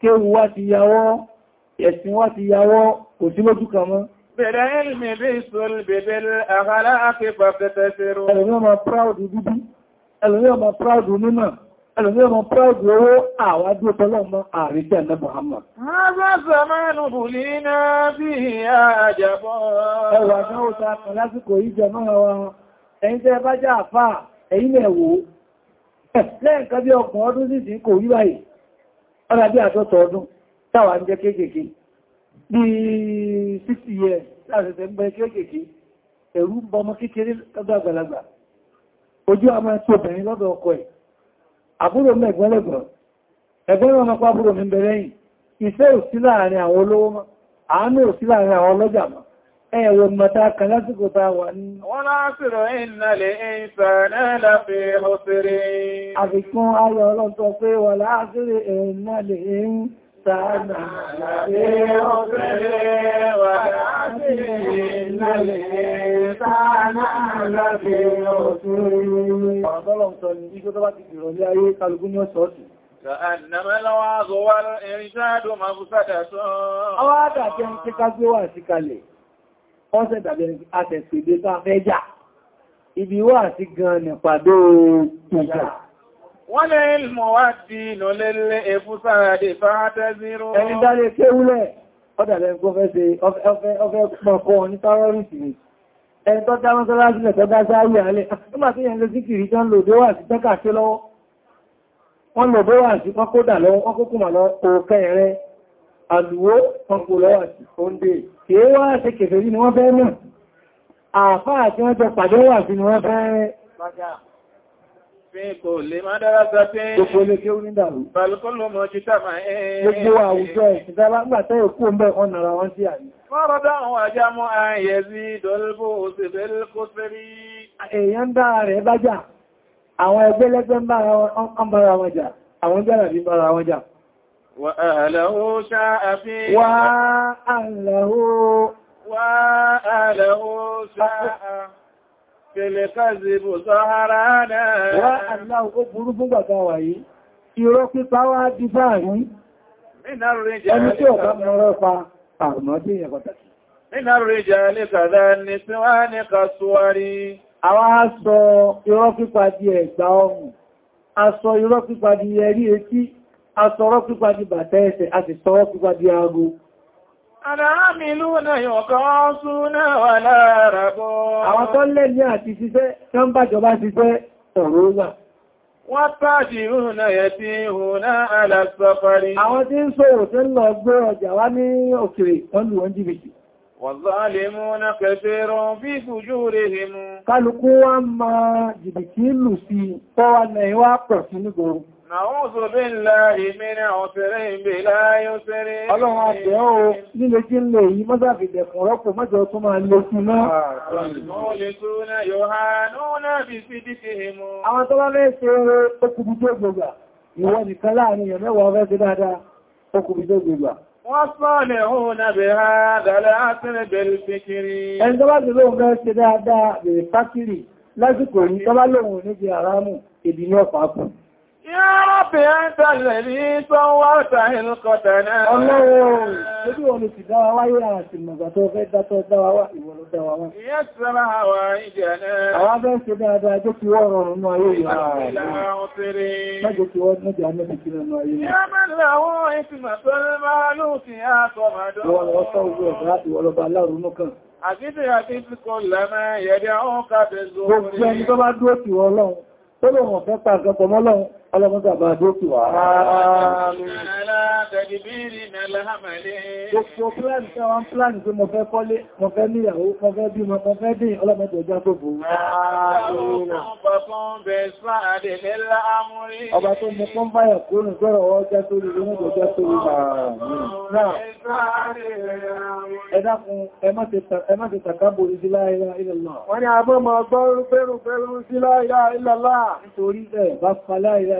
Speaker 1: kéwù wá ti yàwọ́ ẹ̀sìn wá ti yàwọ́ kò sí lójú kan mọ́ bẹ̀rẹ̀ ilmi bí ìsọ̀lù bẹ̀bẹ̀ àkàlá àkẹfà pẹ̀tẹ̀ fẹ́rọ ẹlòmí ọmọ proud bíbí ẹlòmí ọmọ proud mímọ̀ ẹlòmí ọmọ proud Muhammad bí ọkùn ọdún sí ọ̀rọ̀ bí a ọdún táwà ń jẹ́ kéékèèké bí 60 years láàrẹ̀sẹ̀ ń bẹ kéékèèké ẹ̀rù ń bọmọ kékeré lọ́dọ̀ àgbàlagbà ojú àmọ́ ẹ̀tí obìnrin lọ́dọ̀ ọkọ ẹ̀ àbúrò mẹ́gbọ́lẹ́gbọ́ ẹgbọ́n ẹ̀rọ mọ̀ta kan lásìkò ta wà ní. Wọ́n lásìrò ìnàlẹ̀ ìsànà láfẹ́ ọ̀fẹ́rẹ́. Àfikún ayọ̀ ọlọ́tọ̀ pé wà lásìrò ìnàlẹ̀ ìsànà láfẹ́ ọ̀fẹ́rẹ́ wà lásìrò ìnàlẹ̀ ìsànà láfẹ́ ọ̀fẹ́rẹ́. كأنما الوعظ والإرشاد مفسدة. أوعدك أن تكذوا واسكالي concept àbẹ̀rẹ̀ àtẹ̀sù ìdé tó àfẹ́jà ibi wà sí gan ní pàdó ìjà wọ́n lè mọ̀ wá di ìnàlẹ́lẹ́ ẹ̀fú sáradì fàátẹ́ zíró ẹni dálé kéwúlẹ̀ ọdàlẹ́ wọ́n lọ bó wà sí pákódà lọ́wọ́ ọkùnkùnmà lọ òkè rẹ̀ àlúwó ọkùnlọ́wà sí oúnjẹ́ kìí wá ṣe kèfèrí ni wọ́n fẹ́ mọ̀ àfáà tí wọ́n jẹ pàdé wà sí ni wọ́n fẹ́ Gbogbo àwùjọ ìsìnká lágbàtẹ́ òkú ń bẹ́ ọ̀nà ara wọn tí à ní. Fọ́rọ̀dá àwọn àjámọ́ ààyẹ̀ sí ìdọ́lébò òṣèlè kó sẹ́rí. Èèyàn dáa rẹ̀ bájà, àwọn ẹgbẹ́lẹ́gbẹ́ ń bára wọn jà, àwọn jẹ́ وأهله شاء فيه وأهله وأهله شاء في الكذب سهرانا وأهله أبرو فúngbà tá wà yìí irọ́ pípa wá di fáàrí ẹni tí ọ̀gá mọ́rọ́ pa àrùmọ́dé ẹ̀kọ̀tàkì nínú ríjà lẹ́kàdá ní tí wá ní kàṣùwárí àwọn aṣọ irọ́ pípa di ẹ̀gbà ọrùn aṣọ irọ́ pípa di ẹ̀rí etí asọ̀rọ̀ pípa di bàtẹ́ ẹsẹ̀ a sì sọ́rọ̀ pípa di aago. Àdáàmìlú náà yọ̀kan súnà wà láàrẹ̀bọ̀. Àwọn tó lẹ́ ní àti ṣiṣẹ́, tó ń bàjọba ṣiṣẹ́ ọ̀rọ̀ wà. Wọ́n tàbí ìrúnà yẹ ti ìhùnà alàsọ́fàrí. Àwọn tí ń sọ òtẹ́ lọ gbé ọjà wá ní bí ìfújú rẹ̀ rẹ̀ Kálukú wá máa jìbìtì lù sí tọ́wà náà wá pọ̀ sí nígboro. Nàúzù billahi min usrin bila yusrin. Ọlọ́run àtẹ́ ó nílé jí ń lè yí mọ́sàfìdẹ̀ fún rọ́pò mọ́jọ tó máa lè sí náà. Àwọn tó bá mẹ́ ṣe eré okùnbí tó gbogbo, ìwọ nìkan láàrin èèyàn mẹ́wàá ọ̀fẹ́ sí dáadáa, okùnbí tó gbogbo. Wọ́n sọ́lẹ̀ òun nàbẹ̀ ha dàlẹ́ àtẹ́rẹ̀ bẹ̀rẹ̀ fẹ́kiri. Ẹni tó bá ti lóun fẹ́ ṣe dáadáa bẹ̀rẹ̀ fákìrì lásìkò yìí tó bá Ya Rabbi anta alladhi sawwarta al-qatana. Ọlọ́run, ojú ọ̀nà ti dáwà wáyé àti mọ̀gbà tó fẹ́ dátọ́ dáwà wá ìwọ̀lọ́ dáwà wá. Yẹ́ sára àwà ìjẹ̀nà. lẹ́mẹ́ yẹ̀dẹ̀ àwọn kàbẹ̀ zòrò. Gbogbo ẹni tó bá dúró tì wọ́n lọ́hun, tó lòun ọ̀fẹ́ pàgọ́pọ̀ mọ́ ọlọ́mọdé àbá àdókù wà Gbogbo pláàni tí wọ́n pláàni pé mo fẹ́ kọ́lé, mo fẹ́ níyàwó, mo fẹ́ bí mo fẹ́ dín ọlọ́mọdé ọjọ́ tó bú. Ọba tó mú kọ́ báyà kúrò gbọ́rọ̀ ọjọ́ tó rí ọmọdé ọjọ́ tó rí náà. Ẹdákun ẹ má ti tàkábò ní sílá ilá ilẹ̀ náà. Wọ́n ni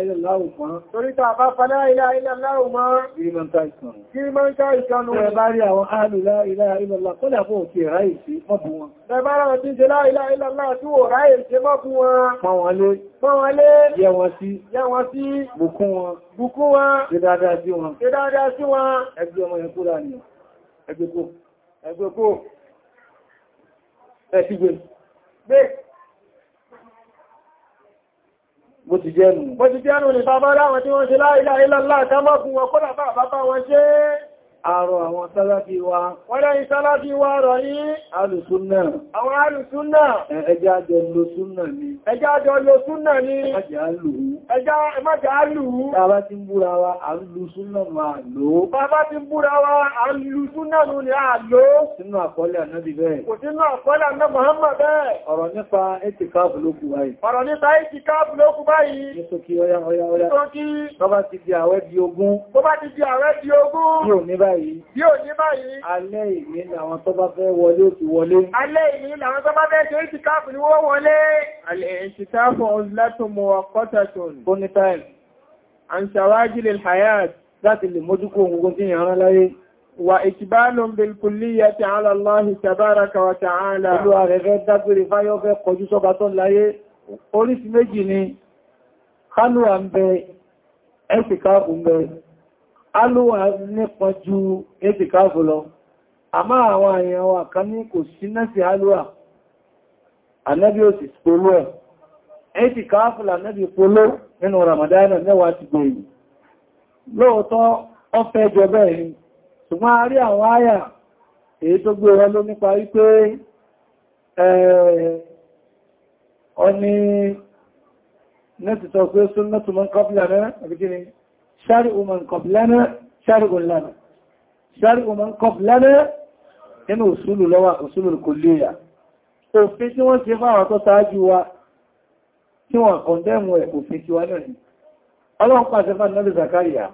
Speaker 1: ìlàláwò mọ́. Torí tàà bá fa láìlá ìlàláwò mọ́. Kí mọ́ ń ká ìsànù. Kí mọ́ ń ká ìsànù. Ẹ bá rí àwọn àlùlá ìlà ìlàlá kó lẹ́fọ́ òkè ráyè sí mọ́bù wọn. Ẹ bá rán tí ń ṣe láìlá ìlàlá tí ó ráyè sí mọ́bù wọn. Pọ́ wọn lé. Pọ́ wọn lé. Yẹ wọn sí. Yẹ wọn sí. Bùkún wọn bó ti jẹ́nu bó ti jẹ́nu ní bàbá láwọn tí wọ́n ṣe láìláìlá àrọ̀ àwọn sálábí wa wọ́n yí sálábí wa rọ̀ yí alùsúnnà àwọn alùsúnnà ẹjá àjọ lo súnnà ni ẹjá àjọ lo súnnà ni ẹjá ẹmájá alùú bàbá ti ń búra wa àlù súnnà ma lò bàbá ti ń búra wa àlù súnnà nù ni a lò sínú àkọọ́lẹ̀ ànábì bẹ́ẹ̀ kò sínú àkọọ́lẹ̀ ànábì Muhammad bẹ́ẹ̀ ọ̀rọ̀ nípa ètìkáàbù ló kù báyìí ọ̀rọ̀ nípa báyìí. Bí ò ní báyìí. Alẹ́ ìní làwọn tó bá fẹ́ wọlé ó ti wọlé. Alẹ́ ìní làwọn tó bá fẹ́ ṣe é ti káàkù ní wọ́n wọlé. Alẹ́ ìṣì táàfọ̀ látò mọ̀ ọkọ́tàtùn. Bóní táìmù. À ń ṣàwájú lè hayat láti lè mójúkó ogun tí yàn rán láyé. Wà ìkìbálò bilkulliya ti ala Allah tabaraka wa ta'ala. Olúwa rẹ̀ fẹ́ dágbére fáyọ́ fẹ́ kọjú sọ́ba tó láyé. Oríṣi méjì ni, Kánúwà ń bẹ, ẹ̀sìká ń bẹ, alówà nípa ju ètìkáàfù lọ àmá àwọn àyàn wà kan ní kò sí nẹ́sì alówà ànábí ò sì polo ẹ̀ ètìkáàfù lànábí polo nínú ramadana mẹ́wàá ti gbèrè lóòótọ́ ọfẹ́ jọ bẹ́ẹ̀ ṣùgbọ́n a rí àwọn àyà ni شرع من قبلنا شرع لنا شرع من قبلنا inú òṣùlù lọ́wà òṣùlù kòlíyà òfin tí wọ́n ti fáwọn tó sáájú wa tí wọ́n kọ̀ndẹ̀mù ẹ̀ òfin tí wá náà ni ọlọ́run pàṣẹ fà náà lè Zakaria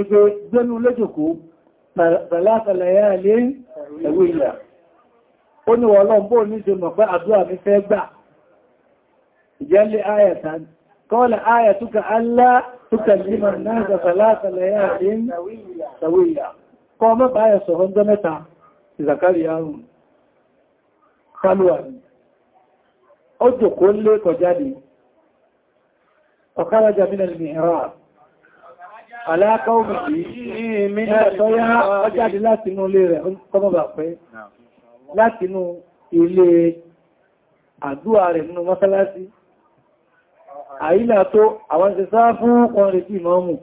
Speaker 1: ìpé gbẹ́nu lójòkó pẹ̀lásàlẹ̀yà lé ẹ̀wú ìyà ó ní wọ́n lọ́n bóò ní ṣe mọ̀ pé àdúrà mi fẹ́ gbà ìjẹ́lé ayẹ̀ta قال آيتك ألا تكلم الناس ثلاث ليال سوية قام بآية سهند متى زكريا خلوا أدو كل كجالي وخرج من المعراج على قومه من الصيحة وجعد láti inú ilé rẹ̀ kọmọ bà pé láti inú ilé àdúrà rẹ̀ nínú mọ́sálásí àìlà tó àwọn ti sáà fún wọn retí mọ́mù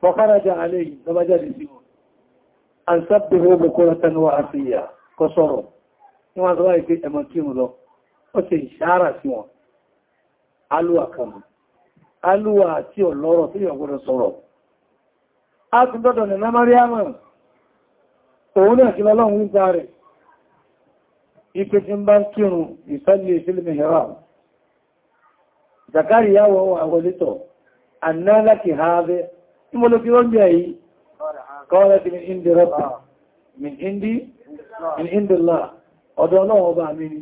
Speaker 1: fọ́kárájá alẹ́ yìí tó bá jáde sí wọn an sábẹ̀wọ́ bukọ́rọ̀ tanuwa àfíyà kọ sọ́rọ̀ ní wọ́n tọ́wà ìpé ẹmọ kí mú lọ ó ti ìṣára sí wọn alúwà kan alúwà àti ọlọ́rọ̀ tí yọ gbọ́dọ̀ sọ̀rọ̀ a ti dọ́dọ̀ ní námàríàmà òun náà kí lọ́lọ́run ń Zakariya wọ àwọn olítọ̀ anná láti ha bẹ́ tí mo ló fi rọ́njẹ́ yìí kọ́ọ̀rẹ́ ti ní indi rọ́pù min indi ah. min indi Allah ọ̀dọ̀ ọlọ́run ọba mi ni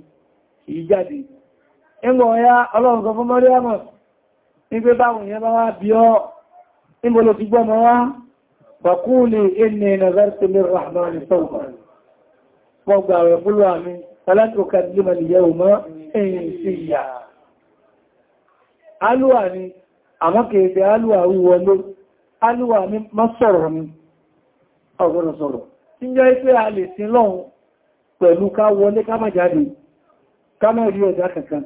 Speaker 1: kìí jáde ẹgbọ̀n ya ọlọ́run sọ fún Mariam ní pé báwọn yẹn bá wá bí ọ́ alúwà ni àmọ́kèèfẹ́ alúwà wíwọlé alúwà ni má sọ̀rọ̀ ni ọgbọ́nà sọ̀rọ̀ tí jẹ́ pé a lè sin lọ́hun pẹ̀lú ká wọlé ká má jáde ká má rí ọjà kankan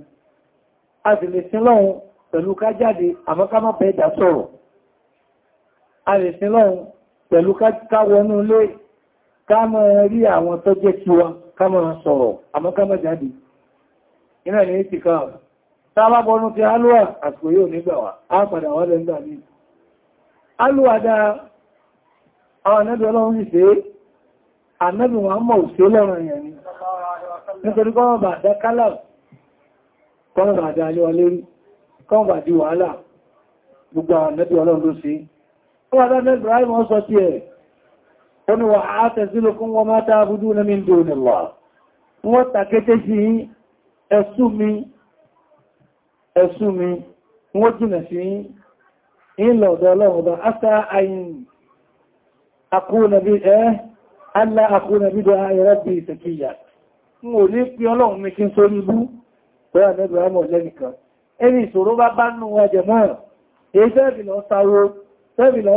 Speaker 1: a sì lè sin lọ́hun pẹ̀lú ká jáde àmọ́ má bẹ́ẹ̀dà sọ̀rọ̀ a tàbábọnú ti alúwà àsìkò yóò nígbàwà á padà wọ́lẹ̀ ń gbà ní alúwà dáa àwọn ànábì ọlọ́run ní ṣe ànábì wọn mọ̀ òṣè lọ́rọ̀ èèyàn ni nítorí kọ́nà bà dá kálà kọ́nà bà dá alẹ́ ọlẹ́rí kọ́nà bà di wàhálà gbogbo àwọn ànábì ọlọ́run ló ṣe ó wà dáa Ibrahim sọ sí ẹ̀ ó ní wà ẹ̀sù mi wọ́n jìnà sí ilẹ̀ ọ̀dọ̀ ọlọ́run bá ásá ayin akúnàbí ẹ́ alá akúnàbí dọ́ ayẹ́rẹ́ bí ìsẹ̀kíyà mú ò ní pí ọlọ́run mi kí n sórí ibú pẹ́rà mẹ́bẹ̀ ọmọ lẹ́nìkan ẹni ìṣòro bá bá nù ẹjẹ̀mọ́ èyí tẹ́ẹ̀bì lọ sáró ìwọ̀n bí sẹ́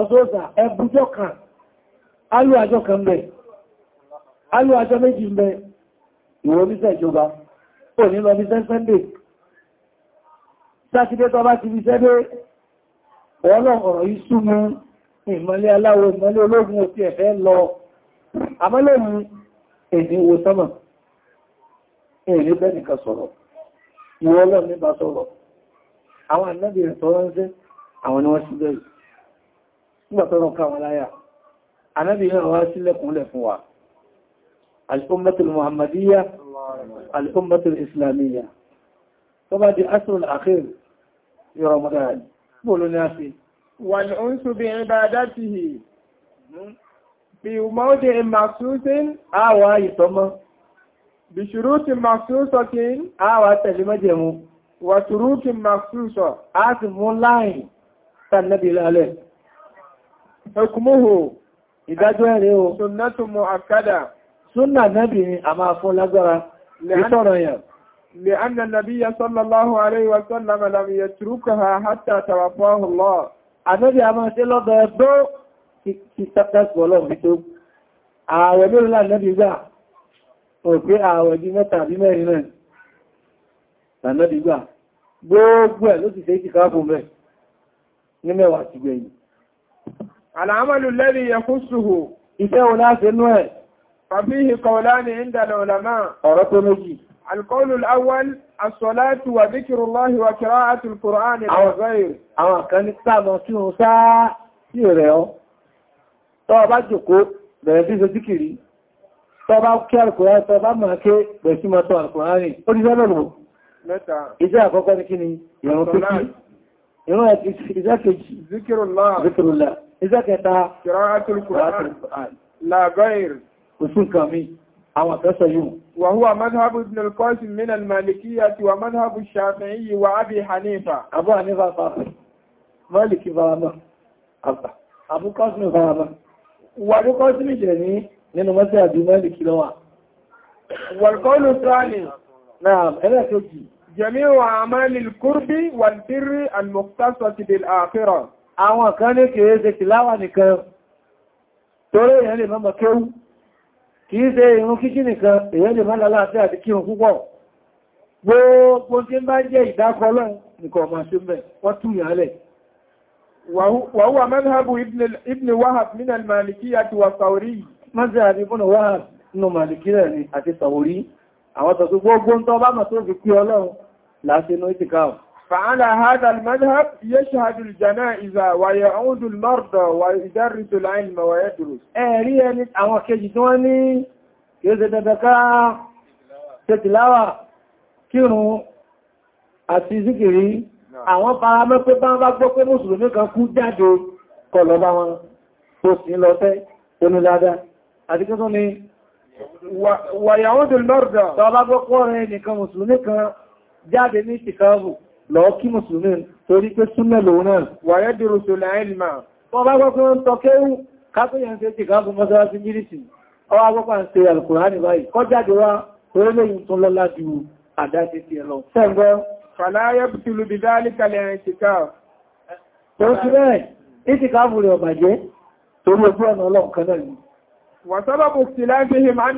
Speaker 1: ò ní lọ bí sẹ́ sátidé tó bá ti fi ṣẹ́ dé ọlọ́ọ̀rọ̀ ìsúnmú ìmọ̀lẹ́ aláwọ̀ ìmọ̀lẹ́ ológun òtí ẹ̀fẹ́ lọ àmọ́lẹ́mù èdè wo sọ́mọ̀ èdè bẹ́nìkan sọ̀rọ̀ ìwọ ọlọ́run nípa sọ̀rọ̀ àwọn ànábì rẹ̀ tọ́rọ ń sẹ́ àwọn ni wọ́n sí bẹ́ẹ̀ nígbà tọ́rọ ká wọn láyà ànábì náà ní Ramadan bóòlù ní a fi wà ní oúnṣù bí i bá dátì hì bí mọ́dé maksusin àwà ìtọ́mọ́ bí ṣùrútì maksusọ kí àwà tẹ̀lé mẹ́jẹ̀mú wà ṣùrútì maksusọ á sì mú láìn tàbí lálẹ̀ hukumuhu ìdájọ́ ẹ̀rẹ́ o sunnatu mu'akkada sunna nabi a máa fún lágbára ìtọ́rọ̀ yẹn لأن النبي صلى الله عليه وسلم لم يتركها حتى توفاه الله Ànábì a máa ṣe lọ́dọ̀ ẹgbọ́ kí tàbí ọlọ́run tó. Ààwẹ̀ bí orílẹ̀ Ànábì gbà, òpé ààwẹ̀ bí mẹ́ta bí mẹ́rin náà. Ànábì gbà, gbogbo ẹ̀ ló ti ṣe ìtìkáàbù mẹ́ ní mẹ́wàá ti gbẹ̀yìn. Àlàámọ̀lù lẹ́rí ẹkún ṣùhù, ìfẹ́ òlá القول الأول الصلاة وذكر الله وقراءة القرآن والغير أما كان كتابة سنوسا يريو طبعا جكو بيسي ذكري طبعا كي القرآن طبعا ما كي بيسي ما طوى القرآن ورسالة له متى إذا أقوى كني يوم تكي يوم إذا كي ذكر الله ذكر الله إذا كتا قراءة القرآن لا غير وسن كامي àwọn àtọ́sọ yìí wà húwà madhabu ibn al-qasim min al-malikiyya ti wà madhabu shafi'i wa abi hanifa abu hanifa fara maliki farama abba abu qasim farama wà ní qasim jẹ ní nínú mọ́sí àbí maliki lọ́wà wàlkọ́lù sáàlì náà ẹ̀rẹ́ tó jì jami'u a'mali al kìí ṣe irun kíkí nìkan èyàn lè má lálàáfẹ́ àti kí òun púpọ̀ gbogbo tí ń bá jẹ́ ìdákọ́ nìkan ọmọ ṣe mẹ́ wọ́n tún yàálẹ̀ wàhúwà madhabu ibn wahab min al àti sawri àwọn فعلى هذا المذهب يشهد الجنائز ويعود المرضى ويدرس العلم ويدرس أهلية لتعوى كجدواني يزد بكاء تتلاوى kírun àti zíkìrí àwọn paramẹ́ pé bá ń bá gbọ́ pé mùsùlùmí kan kú jáde kọlọ bá wọn tó sí lọ tẹ́ onílàdá àti kí tó ní wàyàwó dùn lọ́rọ̀dọ̀ tọ́bá gbọ́ pọ́rin nìkan mùsùlùmí kan jáde ní Chicago lọ kí mùsùlùmí torí pé súnmẹ́ lòun náà wàyẹ́ dìrò sọlẹ̀ àìlìmà wọ́n bá gbọ́gbọ́ ń tọ kéwú kápẹ́yàn ṣe ti káàkùn mọ́sálásí mírìsì ọwá gbọ́gbà ń ṣe alkùnránì báyìí kọjáde wá orílẹ̀-èdè tún lọ́lá ju àdá ti ti ẹ̀lọ sẹ́gbọ́ fàláyẹ́ bùtùlù bí dáálì kalẹ̀ ẹ̀rin ti tó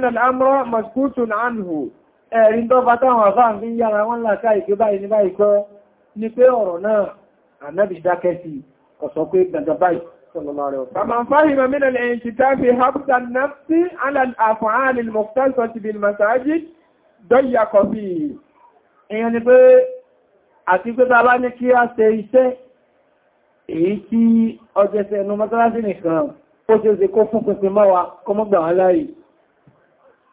Speaker 1: al'amra maskutun anhu ẹ̀rin tó bá táwọn àfáà ń fi yára wọn láká ìgbébáyìí ní báyìí kọ́ ni pé ọ̀rọ̀ náà ànábì dákẹ́ sí ọ̀sọ̀ pé gbàgbàbáyì sallallahu alaihi wasallam. nafsi ala ni pé àti pé bá bá ní kí a ṣe iṣẹ́ èyí tí ọjẹ́sẹ̀ ẹnu mọ́sálásí nìkan ó ṣe é ṣe kó fún pínpín mọ́wa kó mọ́gbà wọn láyìí.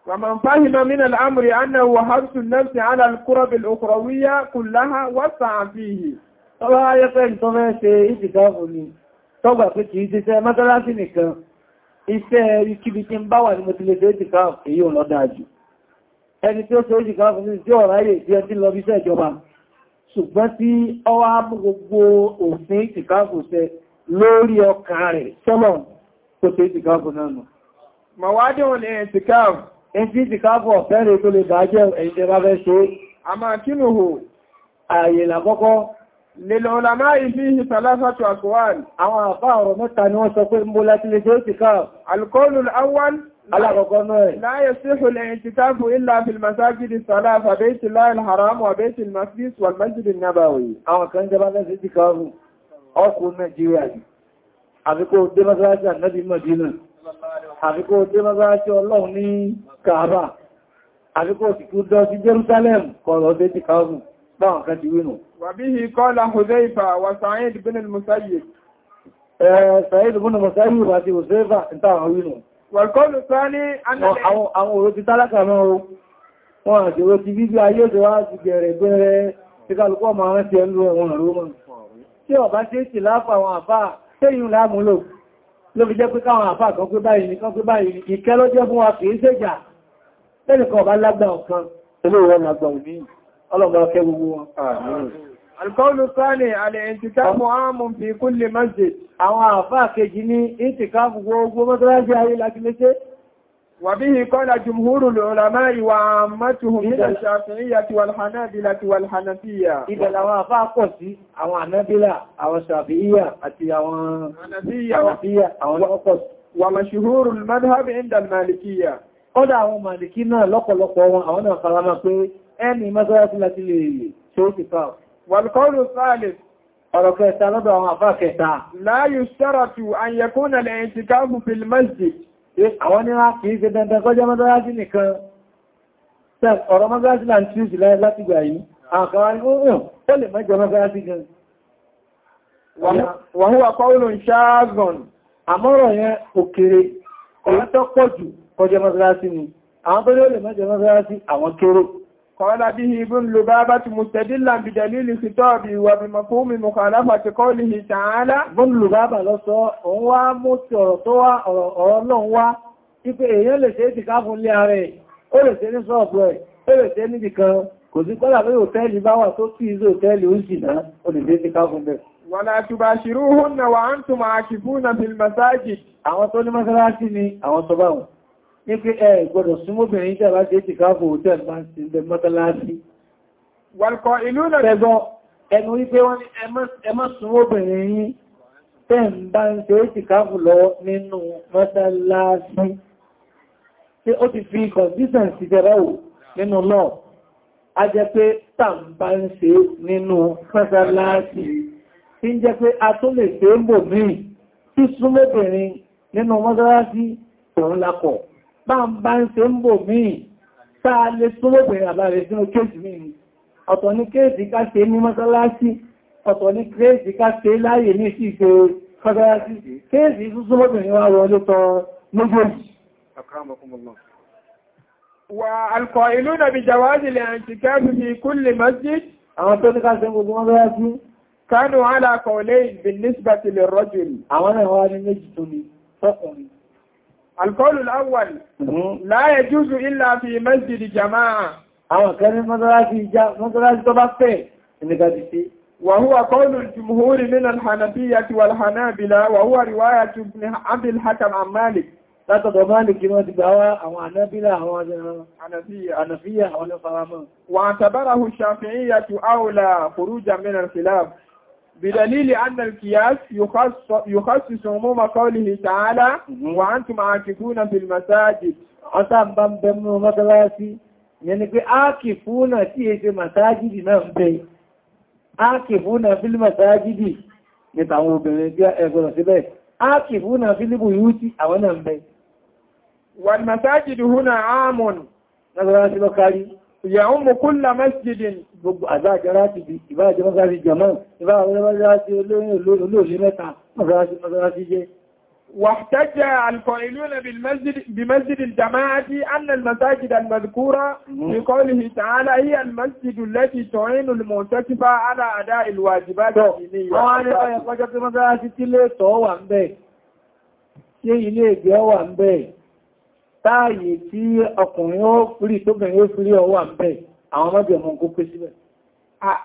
Speaker 1: ومن فهم من الأمر أنه حبس النفس على الكرب الأخروية كلها وسع فيه tọ́wọ́ ayẹ́fẹ́ tó mẹ́ ṣe ìdìgáàbò ni tọ́gbà pé kìí ṣiṣẹ́ mọ́sálásí nìkan iṣẹ́ ìkìbí tí ń bá wà ní mo ti lè ṣe ìdìgáàbò èyí ò lọ́dá jù ẹni tí ó ṣe ìdìgáàbò ní tí ọ̀rá yè tí ẹni lọ bíṣẹ́ ìjọba ṣùgbọ́n tí ọwá gbogbo òfin ìdìgáàbò ṣe lórí ọkàn rẹ̀ sọ́lọ̀ tó ṣe ìdìgáàbò náà ẹ̀sìn ti káàkọ̀ fẹ́rẹ̀ tó lè bàájẹ́ ẹ̀yìn tẹ́ bá fẹ́ ṣe a máa kínú hù ààyè làkọ́kọ́ lèlọ̀ ọ̀làmá ìfí ìsàlásàtò àkọwàn àwọn àfá ọ̀rọ̀ mẹ́ta ni wọ́n sọ pé mbó láti lè jẹ́ òtìká alkọ́lù àwọn alákọ̀ọ́kọ́ náà láyé síhù lẹ́yìn ti tábù ilá fìlmàsájìdì sọ́lá àfàbẹ́sì láìl haramu àbẹ́sì àfikò tí wọ́n bá ṣe ọlọ́run ní Kaaba àfikò sì kú dọ́ sí Jerusalem kọ̀rọ̀ dé ti káàkùn báwọn kan ti wínú wàbíhì kọ́lá Hudhaifa wa Sa'id bin al-Musayyib Sa'id bin al-Musayyib àti Hudhaifa ìtàwọn wínú wàlkọ́lù sáni àwọn òrò ti tálákà náà wọn àti òrò ti bíbí ayé tó wá ti gẹ̀rẹ̀ gbẹ̀rẹ̀ tí kálùkọ́ ma rántí ẹlú ẹ̀wọ̀n ló fi jẹ́ pé káwọn àfà kan pé báyìí ní kan pé báyìí ìkẹ́ ló jẹ́ fún wa kìí ṣèjà lẹ́nìkan ọba lágbà ọ̀kan olóòwò lágbà òní ọlọ́gbà ọkẹ́ gbogbo wọn alkọ́ọ̀lù sáàlì alẹ́ ìtìkáfù ààmù fi kúlè masjid وبه قال جمهور العلماء وعامتهم من الشافعية والحنابلة والحنفية إذا لو فاقوسي أو حنابلة أو شافعية أتي أو حنفية أو لأقوس ومشهور المذهب عند المالكية قد أو مالكينا لقو لقو أونا قرانا في أني مزرعة التي شوفي فاق والقول الثالث Ọ̀rọ̀ kẹta lọ́dọ̀ àwọn àfáà kẹta. Láyé ṣẹ́rọ̀ tù àyẹ̀kún àwọn nírá kìí ṣe dandan kọjá mọ́sálásí nìkan ọ̀rọ̀ mọ́sálásí là ń tí ó sì láyé láti gbà yìí àkàwárí ó rìn tẹ́lẹ̀ mẹ́jọ mọ́sálásí gan wà húwà pàúlò ń ṣáàgùn àmọ́rọ̀ yẹn òkèrè ọ̀rọ̀ tó pọ̀ jù kọjá mọ́sálásí ni àwọn tó lè mẹ́jọ mọ́sálásí àwọn kéré قال به ابن لبابة مستدلا بدليل خطابه وبمفهوم مخالفة قوله تعالى ابن لبابة lọ́sọ́ òun wá mú ti ọ̀rọ̀ tó wá ọ̀rọ̀ náà wá ipé èèyàn lè ṣe ìtìká fún lé ara ẹ̀ ó lè ṣe ní sọ́ọ̀bù ẹ̀ ó lè ṣe níbi kan kò sí kọ́lá lórí òtẹ́ẹ̀lì bá wà tó sí ìzó òtẹ́ẹ̀lì ó sì náà ó lè ṣe ìtìká fún bẹ̀. ولا تباشروهن وأنتم عاكفون في المساجد àwọn tó ní mọ́sálásí ni àwọn sọ báwọn ní pé ẹ gbọdọ̀ súnmọ́bìnrin tẹ́bá ṣe ti káàkò hotel bá ń sin mọ́tàláàsí wọ́lkọ̀ ìlú náà tẹ́gbọ́ ẹnu wípé wọ́n ní ẹmọ́ súnmọ́bìnrin yìí tẹ́m bá ń ṣe ti káàkò lọ nínú mọ́tàláàsí tí ó ti fi consistency tẹ́rẹ́wò nínú lọ a jẹ́ pé tàm bá ń ṣe nínú mọ́tàláàsí tí a tó lè ṣe ń bò míì tí súnmọ́bìnrin nínú òun lakọ̀ọ́ bá ń bá ń ṣe ń bò míì táa lè súnmọ́bìnrin àbárẹ̀ sínú kéèsì míì ọ̀tọ̀ ní kéèsì ká ṣe ní mọ́sálásí ọ̀tọ̀ ní kéèsì ká ṣe láyé ní sí ìṣe mọ́sálásí kéèsì súnmọ́bìnrin wá kanu ala qawlayn bin nisbati lirrajul àwọn ẹ̀wọ́ ní méjì tó ní sọ́kùnrin القول الأول لا يجوز إلا في مسجد جماعة أو كان مدرسة تبقى وهو قول الجمهور من الحنفية والحنابلة وهو رواية ابن عبد الحكم عن مالك لا تضمان كما تبعوا أو حنابلة أو حنفية أو نصرامة واعتبره الشافعية أولى خروجا من الخلاف بدليل أن القياس يخصص عموم قوله تعالى وأنتم عاكفون في المساجد أصاب بمبنو مدراسي يعني في عاكفون في المساجد نفسي عاكفون في المساجد يتعوه بمجاء يقول سبيل عاكفون في البيوت أو نفسي والمساجد هنا عام مدراسي بكاري يعم كل مسجد gbogbo àdájọ́ láti bí ìbájẹ́ mọ́sáàrí jẹmọ́ ìbájẹ́ mọ́sáàrí واحتج القائلون بالمسجد بمسجد الجماعة أن المساجد المذكورة بقوله تعالى هي المسجد التي تعين المنتسبة على أداء الواجبات الدينية. táàyè tí ọkùnrin ó fúrí tóbìnrin ó fúrí ọwọ́ àbẹ́ àwọn ọmọdé ọmọ kó pé síbẹ̀.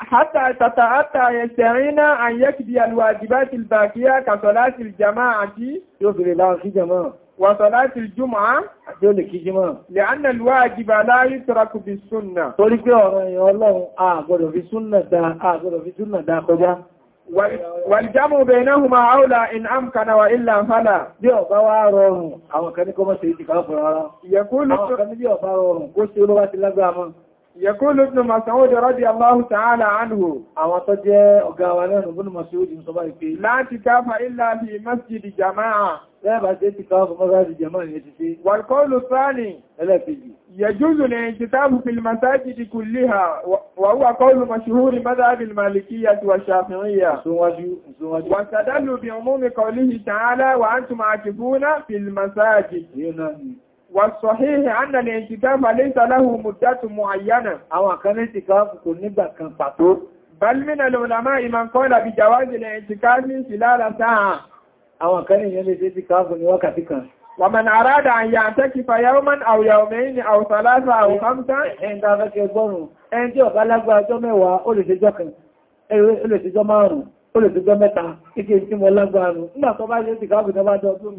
Speaker 1: Hátà tàtà hátà ẹ̀sẹ̀ rínà àyẹ́kìdí alùwàjìbá ti bà kí á kàtọ̀ láti jàmá àti yóò fèrè láwọn sí jàmá. Wàtọ̀ láti jùmọ̀ àti ó lè kí jùmọ̀. Lè ánà lùwà àjìbà láyé tọ́rakù bí súnnà. Torí pé ọ̀rọ̀ èèyàn ọlọ́run, a gbọ́dọ̀ súnnà dá kọjá wàlìjámù bẹ̀ náà hùmà áùlà in amkana wa illa fala bí ọ̀bá wá rọrùn àwọn kan ní kọmọ sí ìjìká ọ̀pọ̀ rárá àwọn kan ní bí ọ̀bá rọrùn kó sí olówá ti lágbàá mọ́ يقول Lẹ́bàá tí ti káwọ́ fún mọ́sáàdì jẹmọ́ ni ti ṣe. Wàlkọ́lù sáàni ẹlẹ́fẹ̀ẹ́jì. Yẹjúzù ni ti tábù fil masajidi kulliha, wà wà kọ́lù mashhuri madhhabi al-malikiyyati wa shafi'iyya. Wà sàdálù bi umumi qawlihi ta'ala wa antum akifuna fil masajidi. والصحيح أن الانتكاف ليس له مدة معينة أو كان انتكاف كنبا كان بل من العلماء من قال بجواز الانتكاف خلال àwọn kan ní ilé títí káàkù ní wákàtí kan wàmàn àrádà àyà àtẹ́kìfà yawman aw yawmayn aw thalatha aw khamsa ẹ̀yìn tàbí ẹgbọ́rùn ẹni tí ọ̀gá lágbàá ọjọ́ mẹ́wàá ó lè ṣejọ́ kan ó lè ṣejọ́ márùn-ún ó lè ṣejọ́ mẹ́ta ike tí mo lágbàá nù nígbà tó bá ṣe ti káàkù tó bá jọ tó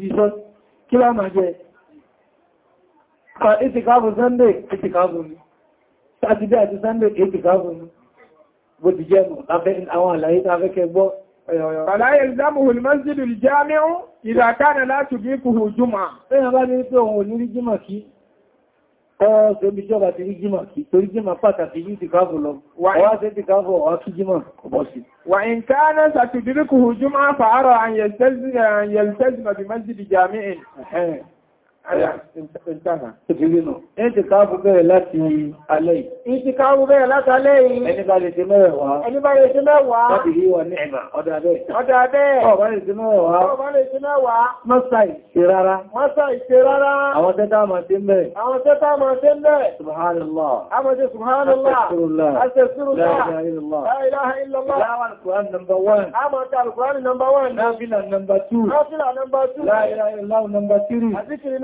Speaker 1: Fàlá ìlzámùhù masjidu ìjámẹ́un ìdàkánà láti bí kùhù jùmọ̀. Bẹ́yàn bá ní pé òun ò ní rí jímọ̀ kí, kọ́ ṣe bí jọba ti rí jímọ̀ kí, torí jímọ̀ pàtàkì yìí ti káàbù lọ. Wà ṣe ti káàbù ọ̀ kí jímọ̀ bọ́ sí. Wà ń káàná sàtìdírí kùhù fàárọ̀ Ìtìkáàbù bẹ̀rẹ̀ láti alẹ́ yìí. Ìtìkáàbù bẹ̀rẹ̀ láti alẹ́ yìí. Ẹni bá lè ṣe mẹ́wàá. Ẹni bá lè ṣe mẹ́wàá. Láti rí wọ ní ẹ̀mà ọdá bẹ́ẹ̀. Ọdá bẹ́ẹ̀. Ọ̀bá lè ṣe mẹ́wàá. Ọ̀bá lè ṣe mẹ́wàá. Mọ́sà ìṣe rárá. Mọ́sà ìṣe rárá. Àwọn tẹ́tà máa ṣe mẹ́. Àwọn tẹ́tà máa ṣe mẹ́. number one. A máa number one. Náfìlà number two. Náfìlà number two. La ilaha illallah number three.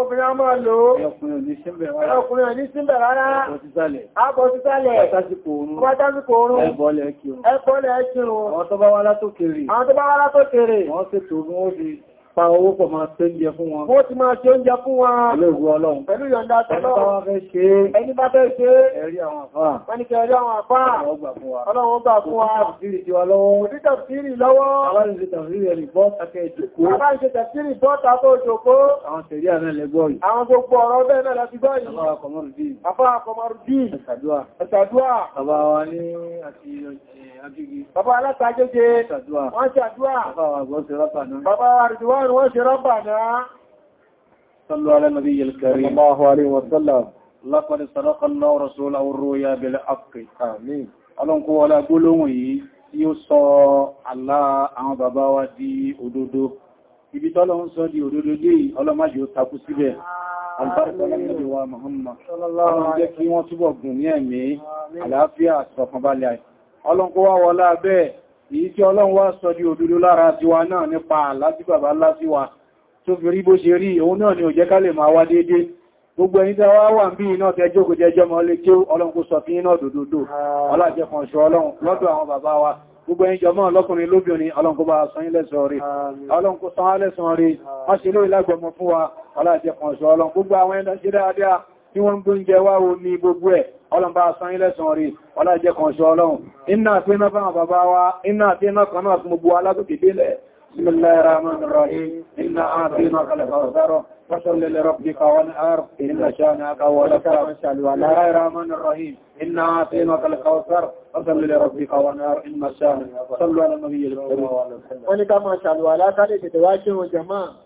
Speaker 1: Ọkùnrin a máa lò ó. Ọkùnrin òní símbẹ̀ rárá. Ọkùnrin òní símbẹ̀ rárá. Àbọ̀ sísàlẹ̀. Àbọ̀ sísàlẹ̀. Pátásíkò oòrùn. Pátásíkò oòrùn. Ẹbọ̀lẹ̀ kírun. Ẹbọ̀lẹ̀ kírun. Àwọn tó bá wá látòkèrè. Àwọn tó bá wá látòkèrè. Wọ́n sì tòrún ó di pa owó pọ̀ máa ṣe oúnjẹ fún wọn. Wọ́n ti máa ṣe oúnjẹ fún wọn. Olóògùn Ọlọ́run. Pẹ̀lú yọ̀ǹda tọ́lọ́run. Ẹni bá fẹ́ ṣe ẹ̀rí àwọn àfáà. Wọ́n ni kẹ ẹ̀rí àwọn àfáà. Ọlọ́run gbà fún wa. Tàfsírì ti wa lọ́wọ́. Òdí tàfsírì lọ́wọ́. Àwọn ìṣe tàfsírì ẹni bọ́ takẹ́ ìjòkó. Àwọn ìṣe tàfsírì bọ́ takọ́ ìjòkó. Àwọn tẹ̀rí àná lẹ́gbọ́ yìí. Àwọn gbogbo ọ̀rọ̀ bẹ́ẹ̀ náà láti gbọ́ yìí. Àfáà Kọmọrùdí. Àfáà Kọmọrùdí. Ẹ̀sàdúà. Ẹ̀sàdúà. Bàbá wa ní àti eh, Agége. Bàbá alátajéje. Ẹ̀sàdúà. Wọ́n ṣàdúà. Bàbá wa gbọ́ قرآن وشربنا صلوا على النبي الكريم الله عليه وسلم لقد صدق الله رسوله الرؤيا بالحق آمين ọlọ́n kó wọlá gbólóhùn yìí tí ó sọ àlá àwọn bàbá wa di òdodo ibi tọ́lọ ń sọ di òdodo dé ọlọ́májì ó takú síbẹ̀ albarkawa Muhammad ọlọ́n jẹ́ kí wọ́n túbọ̀ gùn ní ẹ̀mí àlàáfíà àti ọ̀kanbalẹ̀ ọlọ́n kó wá wọlá bẹ́ẹ̀ èyí tí ọlọ́run wá sọ di òdodo lára tiwa náà nípa àláti bàbá ńlá tó fi rí bó ṣe rí òun náà ni ò jẹ́ ká lè máa wá déédé gbogbo ẹni tí wá wà ń bí iná tẹjọ́ kò jẹjọ́ mọ́ lé kí ọlọ́run kó sọ fi iná dòdòdó ọlájẹ́kan ṣọ ọlọ́run lọ́dọ̀ àwọn bàbá wa gbogbo ẹjọ mọ́ lọ́kùnrin lóbìnrin ọlọ́nkó bá sọ ilẹ̀sọ rí ọlọ́nkó sọ alẹ́sàn ọlọ́mbà asan ilẹ̀ sàn rí ọlájẹ́ kan ṣọ ọlọ́run iná àti iná fáwọn bàbá wa iná àti iná kan náà gbogbo alágòkè délẹ̀ بسم الله الرحمن الرحيم إنا أعطيناك الكوثر فصل لربك وانحر إن شانك هو الأبتر بسم الله الرحمن الرحيم إنا أعطيناك الكوثر فصل لربك وانحر إن شانك صلوا على النبي الكريم وأنك ما شاء الله لا تلك تواجه جماعة